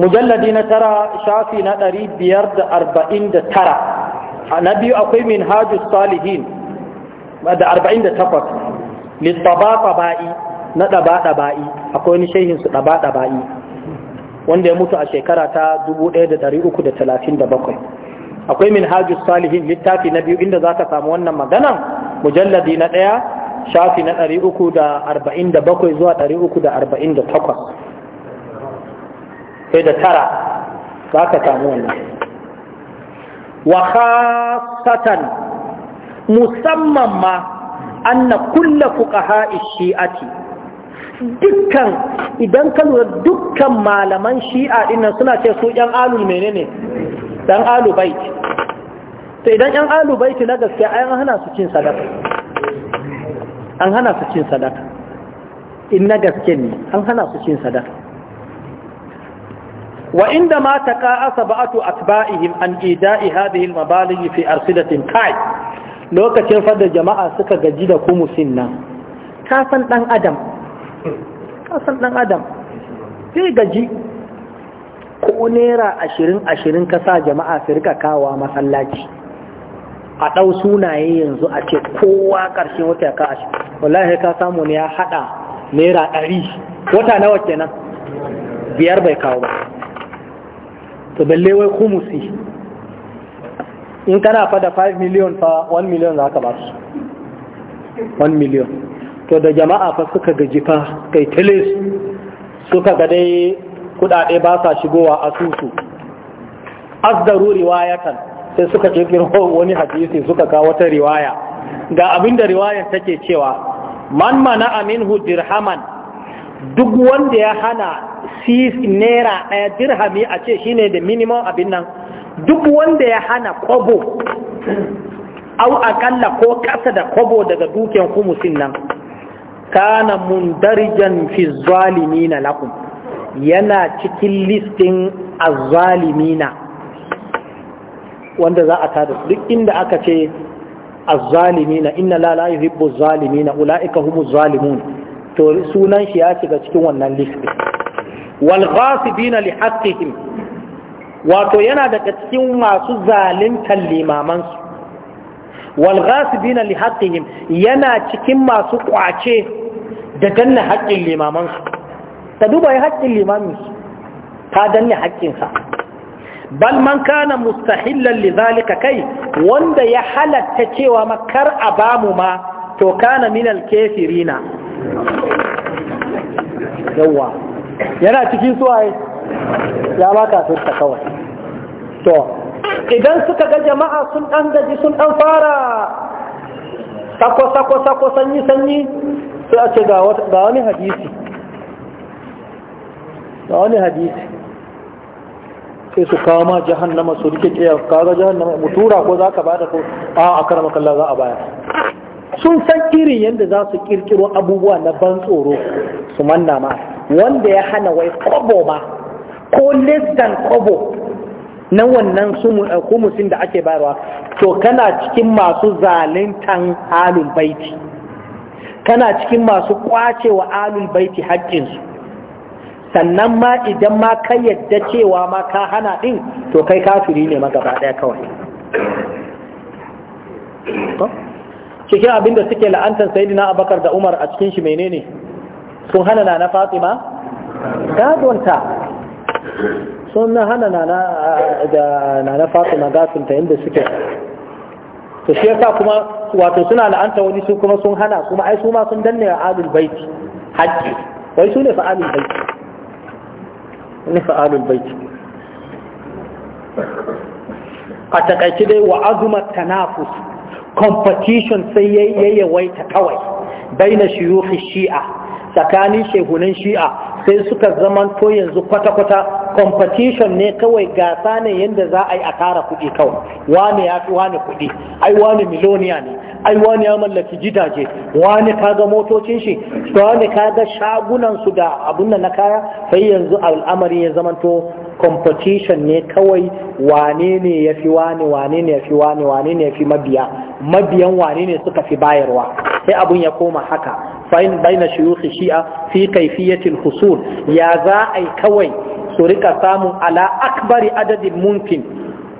mujalladi na tara shafi na ɗari biyar da arba'in da tara na biyu akwai min hajjus salihin da arba'in da takwas littabafa ba'i na ɗaba ba'i akwai wani shehinsu ɗaba ba'i wanda ya mutu a shekara ta dubu ɗaya da da da uku talatin bakwai. akwai min hajjus salihin littafi na biyu inda za ka samu wannan maganan mujalladi na ɗaya shafi na ɗari uku da arba'in da bakwai zuwa ɗari uku da arba'in da arba'in takwas. sai da tara ba ka samu wannan wa khasatan musamman ma anna kulla fuqaha shi'ati dukkan idan ka lura dukkan malaman shi'a dinnan suna ce su yan alu menene dan alu bait to idan yan alu bait na gaskiya an hana su cin sadaka an hana su cin sadaka in na gaske ne an hana su cin sadaka وعندما ما تكاءس بعض أتباعهم عن إيداء هذه المبالغ في أرصدة كاي لو كتير فد جماعة سكا جديدة كومو سنة كاسن دان أدم كاسن ɗan أدم في gaji. ko nera ashirin ashirin ka sa jama'a su rika kawa masallaci a ɗau sunaye yanzu a ce kowa ƙarshen wata ya kashi wallahi ka samu ne ya haɗa naira ɗari wata nawa kenan biyar bai kawo ba to balle wai kumusi in kana fada 5 million fa 1 million za ka ba su 1 million to da jama'a fa suka gaji fa kai tilis suka ga dai kudade ba sa shigowa asusu asdaru riwayatan sai suka kirkiro wani hadisi suka kawo wata riwaya ga abinda riwayar take cewa man mana aminhu dirhaman duk wanda ya hana sis naira ɗaya dirhami a ce shine da minimum abin nan duk wanda ya hana kobo au akalla ko kasa da kobo daga duken kumusin nan kana mundarijan fi zalimina lakum yana cikin listin azzalimina wanda za a tada duk inda aka ce azzalimina inna la la yuhibbu zalimina ulaika humu zalimun to sunan shi ya shiga cikin wannan listin wal ghasibina li wato yana daga cikin masu zaluntan limamansu wal ghasibina li yana cikin masu kwace da danna haƙƙin limamansu ta duba ya haƙƙin limaminsu ta danna haƙƙinsa bal man kana mustahillan li zalika kai wanda ya halatta cewa makar a bamu ma to kana minal kafirina yawa yana cikin suwaye ya ba ta kawai to idan suka ga jama'a sun ɗan gaji sun ɗan fara sako sako sako sanyi sanyi sai a ce ga wani hadisi ga wani hadisi sai su kawo ma jahannama su rike kiyar kaga jahannama mutura ko za ka bada ko a akarama makalla za a baya sun san irin yadda za su kirkiro abubuwa na ban tsoro su manna ma wanda ya hana wai kobo ba ko less than kobo na wannan eh, kumusin da ake bayarwa to kana cikin masu zalintan alul baiti kana cikin masu kwacewa alul baiti haƙƙinsu sannan ma idan ma ka yadda cewa ma ka hana ɗin to kai kafiri ne magaba ɗaya kawai cikin abinda suke la'antar sayidina abakar da umar a cikin shi menene sun hana na na fatima gadonta sun hana na na fatima gadonta yadda suke to shi yasa kuma wato suna la'anta wani su kuma sun hana kuma ai su ma sun danne alul baiti haƙƙi wai su ne fa'alul baiti ne fa'alul baiti a takaici dai wa azumar tanafus competition sai ya yawaita kawai bai na shiyuhi shi'a tsakanin shehunan shi'a sai suka zaman to yanzu kwata-kwata competition ne kawai gasa ne yadda za a yi a kara kuɗi kawai wani ya fi wani kuɗi ai wani miloniya ne ai wani ya mallaki gidaje wani kaga motocin shi wani kaga shagunan su da abun na kaya sai yanzu al'amari ya zaman to competition ne kawai wane ne ya fi wane wane ne ya fi wane wane ne ya fi mabiya mabiyan wane ne suka fi bayarwa sai abun ya koma haka fa'in baina shuyukh shi'a fi kayfiyatil husul ya za ai kawai su rika samun ala akbari adadin mumkin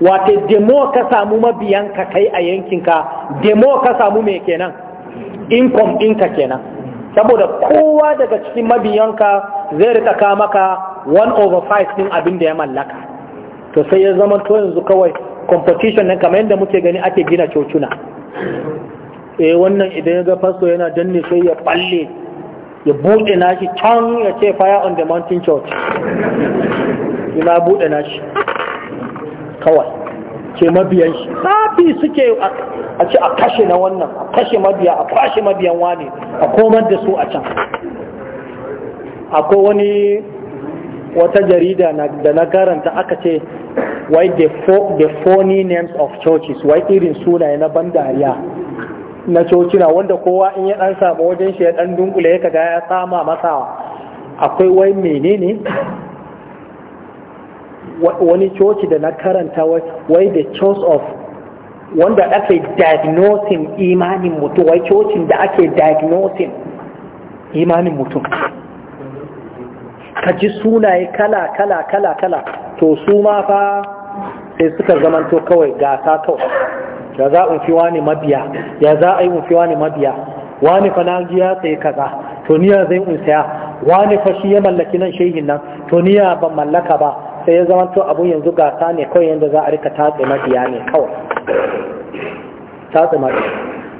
wato demo ka samu ka kai a yankinka demo ka samu me kenan income ɗinka kenan saboda kowa daga cikin mabiyanka zai rika maka one over five din abin da ya mallaka to sai ya zama to yanzu kawai competition ne kamar yadda muke gani ake gina cocuna eh wannan idan ya ga fasto yana danne sai ya balle ya buɗe nashi can ya ce fire on the mountain church ina buɗe nashi kawai ce mabiyan shi safi suke a ce a kashe na wannan a kashe mabiya a kwashe mabiyan wane a komar da su a can akwai wani wata jarida da na karanta aka ce why the phony names of churches why irin sunaye na ban dariya na cocina wanda kowa in ya dan samu wajen shi ya dan dunkule ya kaga ya sama masa akwai wai menene wani coci da na karanta wai the church of wanda ake diagnosing imanin mutum wai cocin da ake diagnosing imanin mutum ka ji sunaye kala kala kala kala to su ma fa sai suka zamanto kawai gasa kawai ya za a fi wani mabiya ya za a yi fi wani mabiya wani fa na ji ya tsaye kaza to niya zai in saya wani fa shi ya mallaki nan shehin nan to niya ban mallaka ba sai ya zamanto abun yanzu gasa ne kawai yanda za a rika tatse mabiya ne kawai tatse mabiya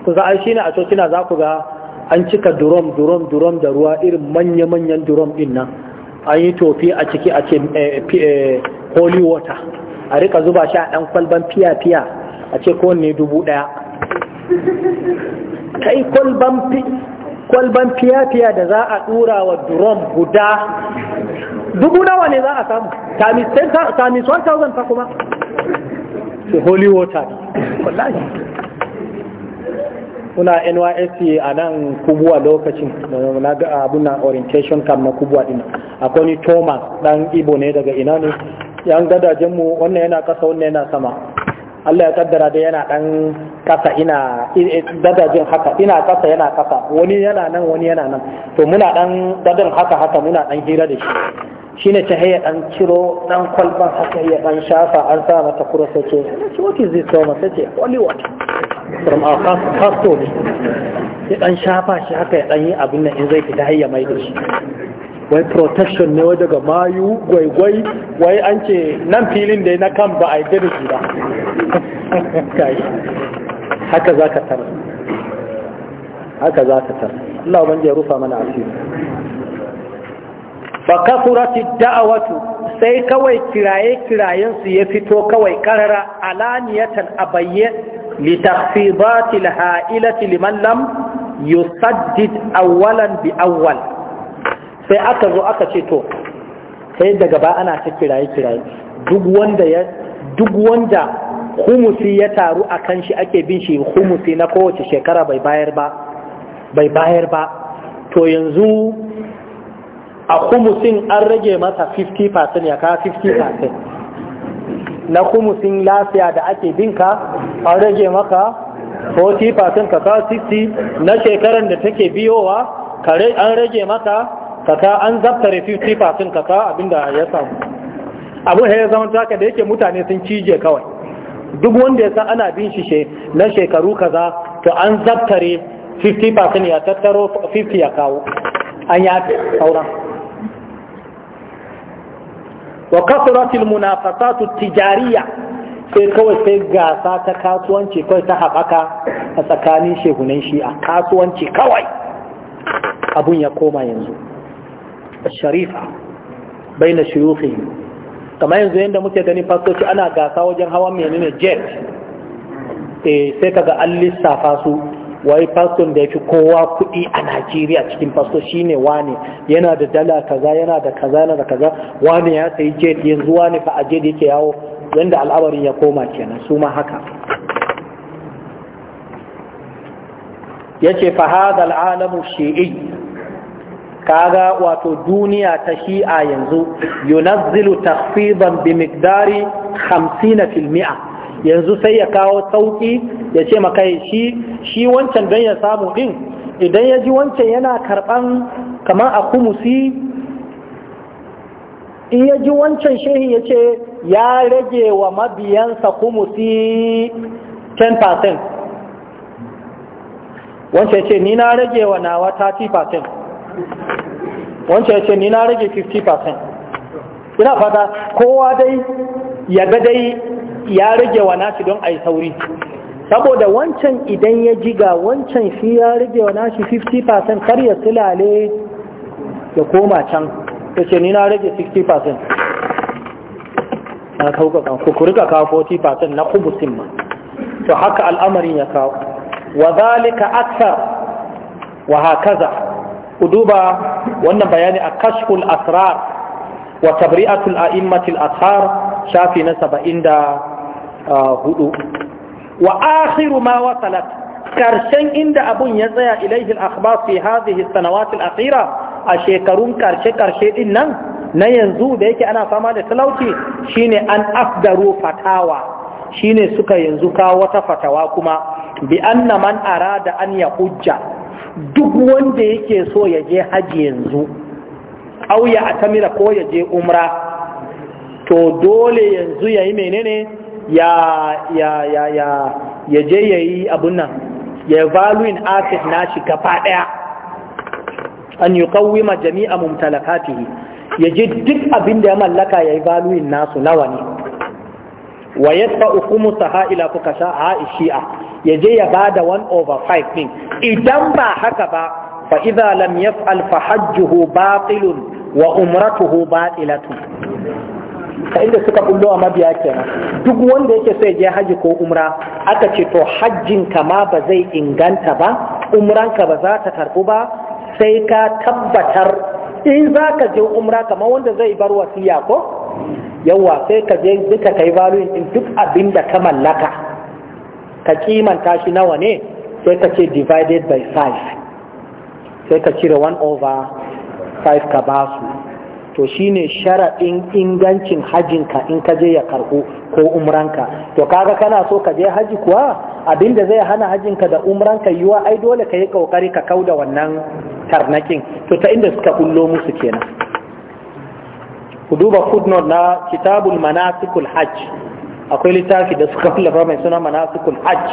ku za a shi ne a cocina za ku ga an cika durom durom durom da ruwa irin manya-manyan durom din nan an yi tofi a ciki a ce eh, eh, holy water a rika zuba shi a ɗan kwalban fiya-fiya a ce kowanne dubu ɗaya kai kwalban fiya-fiya da za a ɗura wa drum guda dubu nawa ne za a samu tamis 1000 ta kuma holy water wallahi kuna nysc a nan kubuwa lokacin na ga abun na orientation kam na kubuwa din akwai ni thomas dan ibo ne daga ina ne yan gadajen mu wannan yana kasa wannan yana sama Allah ya kaddara da yana dan kasa ina dadajin haka ina kasa yana kasa wani yana nan wani yana nan to muna dan dadin haka haka muna dan hira da shi shine ta haya dan ciro dan kwalban haka ya dan shafa an sa mata kura sace shi is zai so mata ce Hollywood from our pastor ya dan shafa shi haka ya dan yi abin nan in zai fita hayya mai da shi wai protection ne daga mayu gwaigwai wai an ce nan filin da na kan ba a yi ba haka za ka tara haka za ka tara Allah ban ya rufa mana asiri fa kasurati da'awatu sai kawai kiraye kirayen su ya fito kawai karara alaniyatan abayye li takhfidati al-ha'ilati liman lam yusaddid awwalan bi awwal sai aka zo aka ce to sai daga ba ana ta kiraye kiraye duk wanda ya duk wanda humusi ya taru a kan shi ake bin shi humusi na kowace shekara bai bayar ba bai bayar ba to yanzu a humusin an rage masa 50% ya kawo 50% na humusin lafiya da ake binka an rage maka 40% ka kawo 60 na shekaran da take biyowa an rage maka kaka an zaftare 50% kaka abinda ya samu abu ya zama taka da yake mutane sun cije kawai duk wanda ya san ana bin shi na shekaru kaza to an zaftare 50% ya tattaro 50 ya kawo an ya tsaura wa kasratil munafasatu tijariya sai kawai sai gasa ta kasuwanci kawai ta haɓaka a tsakanin shehunan a kasuwanci kawai abun ya koma yanzu sharifa bai na shiyufin kamar yanzu yadda muke gani fastoci ana gasa wajen hawan menene jet eh, sai kaga an lissafa su wai faston da ya fi kowa kuɗi a Najeriya cikin fasto shine wane yana da dala kaza yana da kaza yana da kaza wane ya sayi jet yanzu wane fa a jet yake yawo yanda al'amarin ya koma kenan su ma haka yace fa hadha al'alamu shi'i kaga wato duniya ta shi'a yanzu yunazzilu takhfidan bi miqdari 50 fil mi'a yanzu sai ya kawo sauki ya ce maka shi shi wancan dan ya samu din idan ya ji wancan yana karban kamar a kumusi in ya ji wancan shehi ya ce ya rage wa mabiyansa kumusi 10% wancan ce ni na rage wa nawa 30% wancan ya ce ni na rage 50% ina fata kowa dai ya ga dai ya rage wa nashi don a yi sauri saboda wancan idan ya jiga wancan shi ya rage wa nashi 50% kar ya silale ya koma can ya ce ni na rage 60% na kaukaka ku ka kawo 40% na kubusin ma to haka al'amarin ya kawo wa zalika aksar wa hakaza ku duba wannan bayani a kashful asrar wa tabri'atul a'immatil ashar shafi na saba'in da huɗu. wa akhiru ma wasalat karshen inda abun ya tsaya ilaihi al-akhbar fi hadhihi as-sanawat al-akhira a shekarun karshe karshe din nan na yanzu da yake ana fama da talauci shine an afdaru fatawa shine suka yanzu kawo wata fatawa kuma bi anna man arada an ya hujja duk wanda yake so ya je haji yanzu auya a tamira ko ya je umra to dole yanzu ya yi menene ya ya ya ya ya je ya yi abun nan ya valuin asset nashi gaba daya an yi kawima jami'a mumtalakatihi ya je duk abin da ya mallaka ya yi valuin nasu nawa ne wa yadda hukumu saha ila shi'a ya je ya da 1 over 5 ɗin idan ba haka ba fa idza lam yaf'al fa hajjuhu batilun wa umratuhu batilatu ta inda suka bullo a mabiya kenan duk wanda yake so ya je haji ko umra aka ce to hajjin ma ba zai inganta ba umranka ba za ta karbu ba sai ka tabbatar in za ka je umra kamar wanda zai bar wasiya ko yawa sai ka je duka kai valuing din duk abin da ka mallaka ka kimanta shi nawa ne sai ka ce divided by 5 sai ka cire 1 over 5 ka ba su to ne sharaɗin ingancin hajinka in ka je ya karɓo ko umranka to kaga kana so ka je haji kuwa abinda zai hana hajjinka da umranka yiwa ai dole ka yi ƙoƙari ka kau da wannan karnakin, to ta inda suka kullo musu kenan ku duba footnote na kitabul manasikul hajj akwai littafi da suka wallafa mai suna manasikul hajj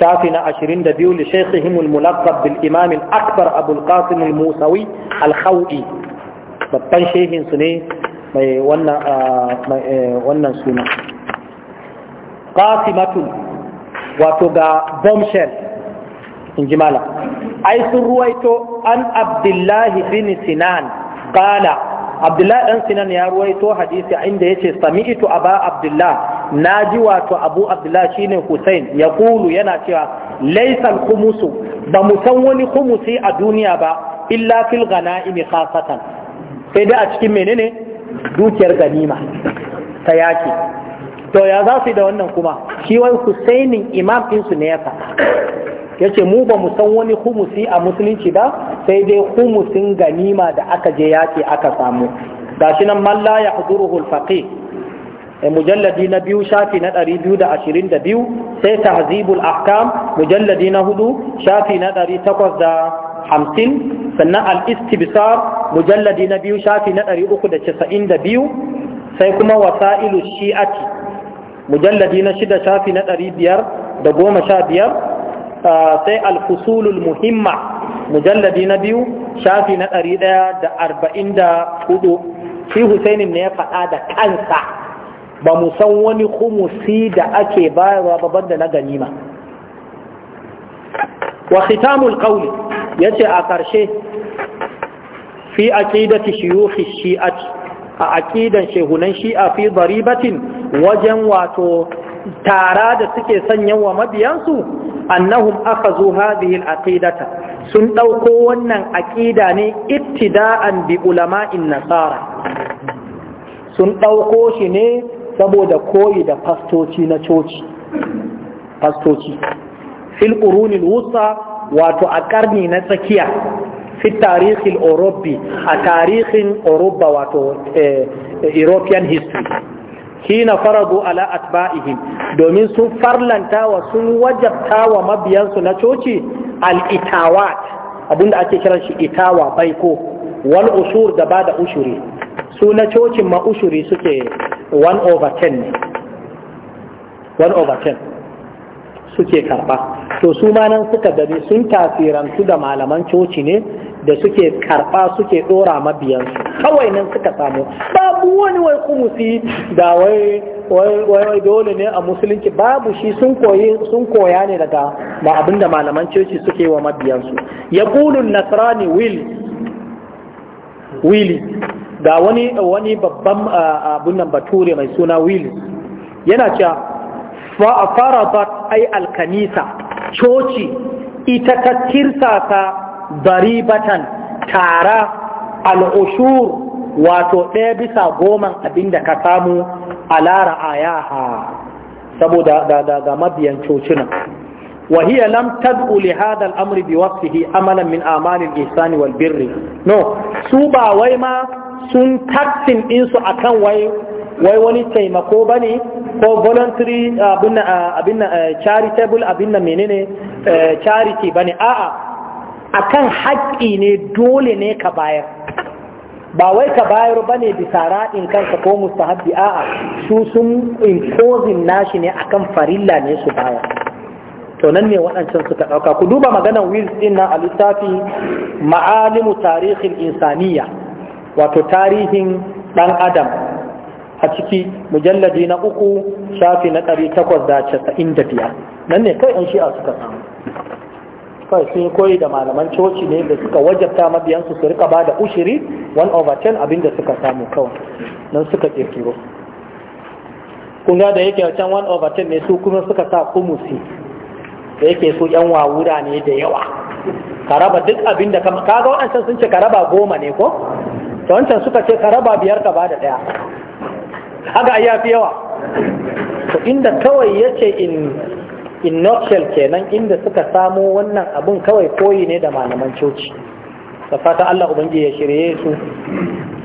shafi na 22 li shaykhihim al-mulaqab bil imam al-akbar abu al-qasim al-musawi al-khawi babban shehin su ne mai wannan e, wannan suna qasimatun wato ga bombshell in ji mala ai sun ruwaito an abdullahi bin sinan qala abdullahi dan sinan ya ruwaito hadisi inda yace sami'tu aba abdullah naji wato abu abdullah shine husain ya kulu yana cewa laysa kumusu khumusu ba mu san wani khumusi a duniya ba illa fil ghanaimi khasatan sai dai a cikin menene dukiyar ganima ta yaki to ya za su da wannan kuma shi wai husainin imam ɗinsu ne ya yace mu ba mu san wani humusi a musulunci ba sai dai humusin ganima da aka je yaki aka samu shi nan man la yahduruhu al-faqih eh, mujalladi na biyu shafi na ɗari biyu da ashirin da biyu sai tahzibul ahkam mujalladi na hudu shafi na ɗari takwas da hamsin sannan al-istibsar mujalladi na biyu shafi na ɗari uku da casa'in da biyu sai kuma wasa'ilu shi'ati mujalladi na shida shafi na ɗari biyar da goma sha biyar sai al muhimma mujalladi na biyu shafi na ɗari ɗaya da arba'in da hudu shi husainin ne ya faɗa da kansa ba mu san wani humusi da ake bayarwa babban da na ganima wa khitamul qawli yace a ƙarshe fi aqidati shuyukh shi'ati a aqidan shehunan shi'a fi daribatin wajen wato tara da suke sanya wa mabiyansu annahum akhazu hadhihi al-aqidata sun dauko wannan aqida ne ittida'an bi ulama'in nasara sun dauko shi ne saboda koyi da fastoci na coci fastoci fil qurunil wusta wato a karni na tsakiya fi tarihi al a tarihin Europa wato eh, European history hina faradu ala atba'ihim domin sun farlanta wa sun wajabta wa mabiyansu na coci al-itawat abinda ake kiran shi itawa baiko wal usur da bada ushuri su na cocin ma ushuri suke 1 over 10 ne 1 over 10 suke karba to su ma nan suka dare sun tasirantu da malaman coci ne da suke karba suke dora mabiyansu kawai nan suka samu babu wani wai kumusi da wai wai dole ne a musulunci babu shi sun koyi sun koya ne daga da abinda malaman coci suke wa mabiyansu Ya yaqulu nasrani will willy ga wani wani babban abun nan bature mai suna wil yana cewa fa faradat ay alkanisa coci ita ta kirsasa Batan, tara al'ushur wato ɗaya bisa goman abinda ka samu ala ra'ayaha saboda ga mabiyan cocinan وهي لم تدعو لهذا الأمر بوصفه amala min آمال الإحسان والبر نو no. Su سوبا ويما sun taksin ɗinsu a kan wai wai wani taimako ba ne ko voluntary uh, abin uh, uh, charitable abin na menene charity ba ne a'a akan haƙƙi ne dole ne ka bayar ba wai ka bayar ba ne bisa raɗin kanka ko mustahabbi a'a su sun imposing nashi ne akan farilla ne su bayar to nan ne waɗancan suka ɗauka ku duba maganar wills ɗin na a littafi ma'alimu tarihin insaniya wato tarihin ɗan adam a ciki mujalladi na uku shafi na ɗari takwas da casa'in da biyar nan ne kai in shi'a suka samu Kai sun koyi da malaman coci ne da suka wajabta mabiyansu su rika ba da ushiri 1 over 10 da suka samu kawai nan suka kirkiro kun da yake can 1 over 10 ne su kuma suka sa kumusi da yake su yan wawura ne da yawa ka raba duk abin da kama, kaga waɗancan sun ce ka raba goma ne ko ta wancan suka ce ka raba biyar ka bada ɗaya haka ya yafi yawa to inda kawai ya in in nutshell kenan inda suka samo wannan abun kawai koyi ne da malaman coci da fata Allah ubangi ya shirye su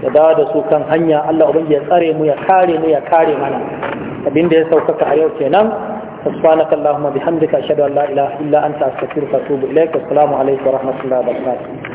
ya dawo da su kan hanya Allah ubangi ya tsare mu ya kare mu ya kare mana da ya saukaka a yau kenan subhanaka allahumma bihamdika ashhadu an la ilaha illa anta astaghfiruka wa atubu ilaik assalamu alaikum wa rahmatullahi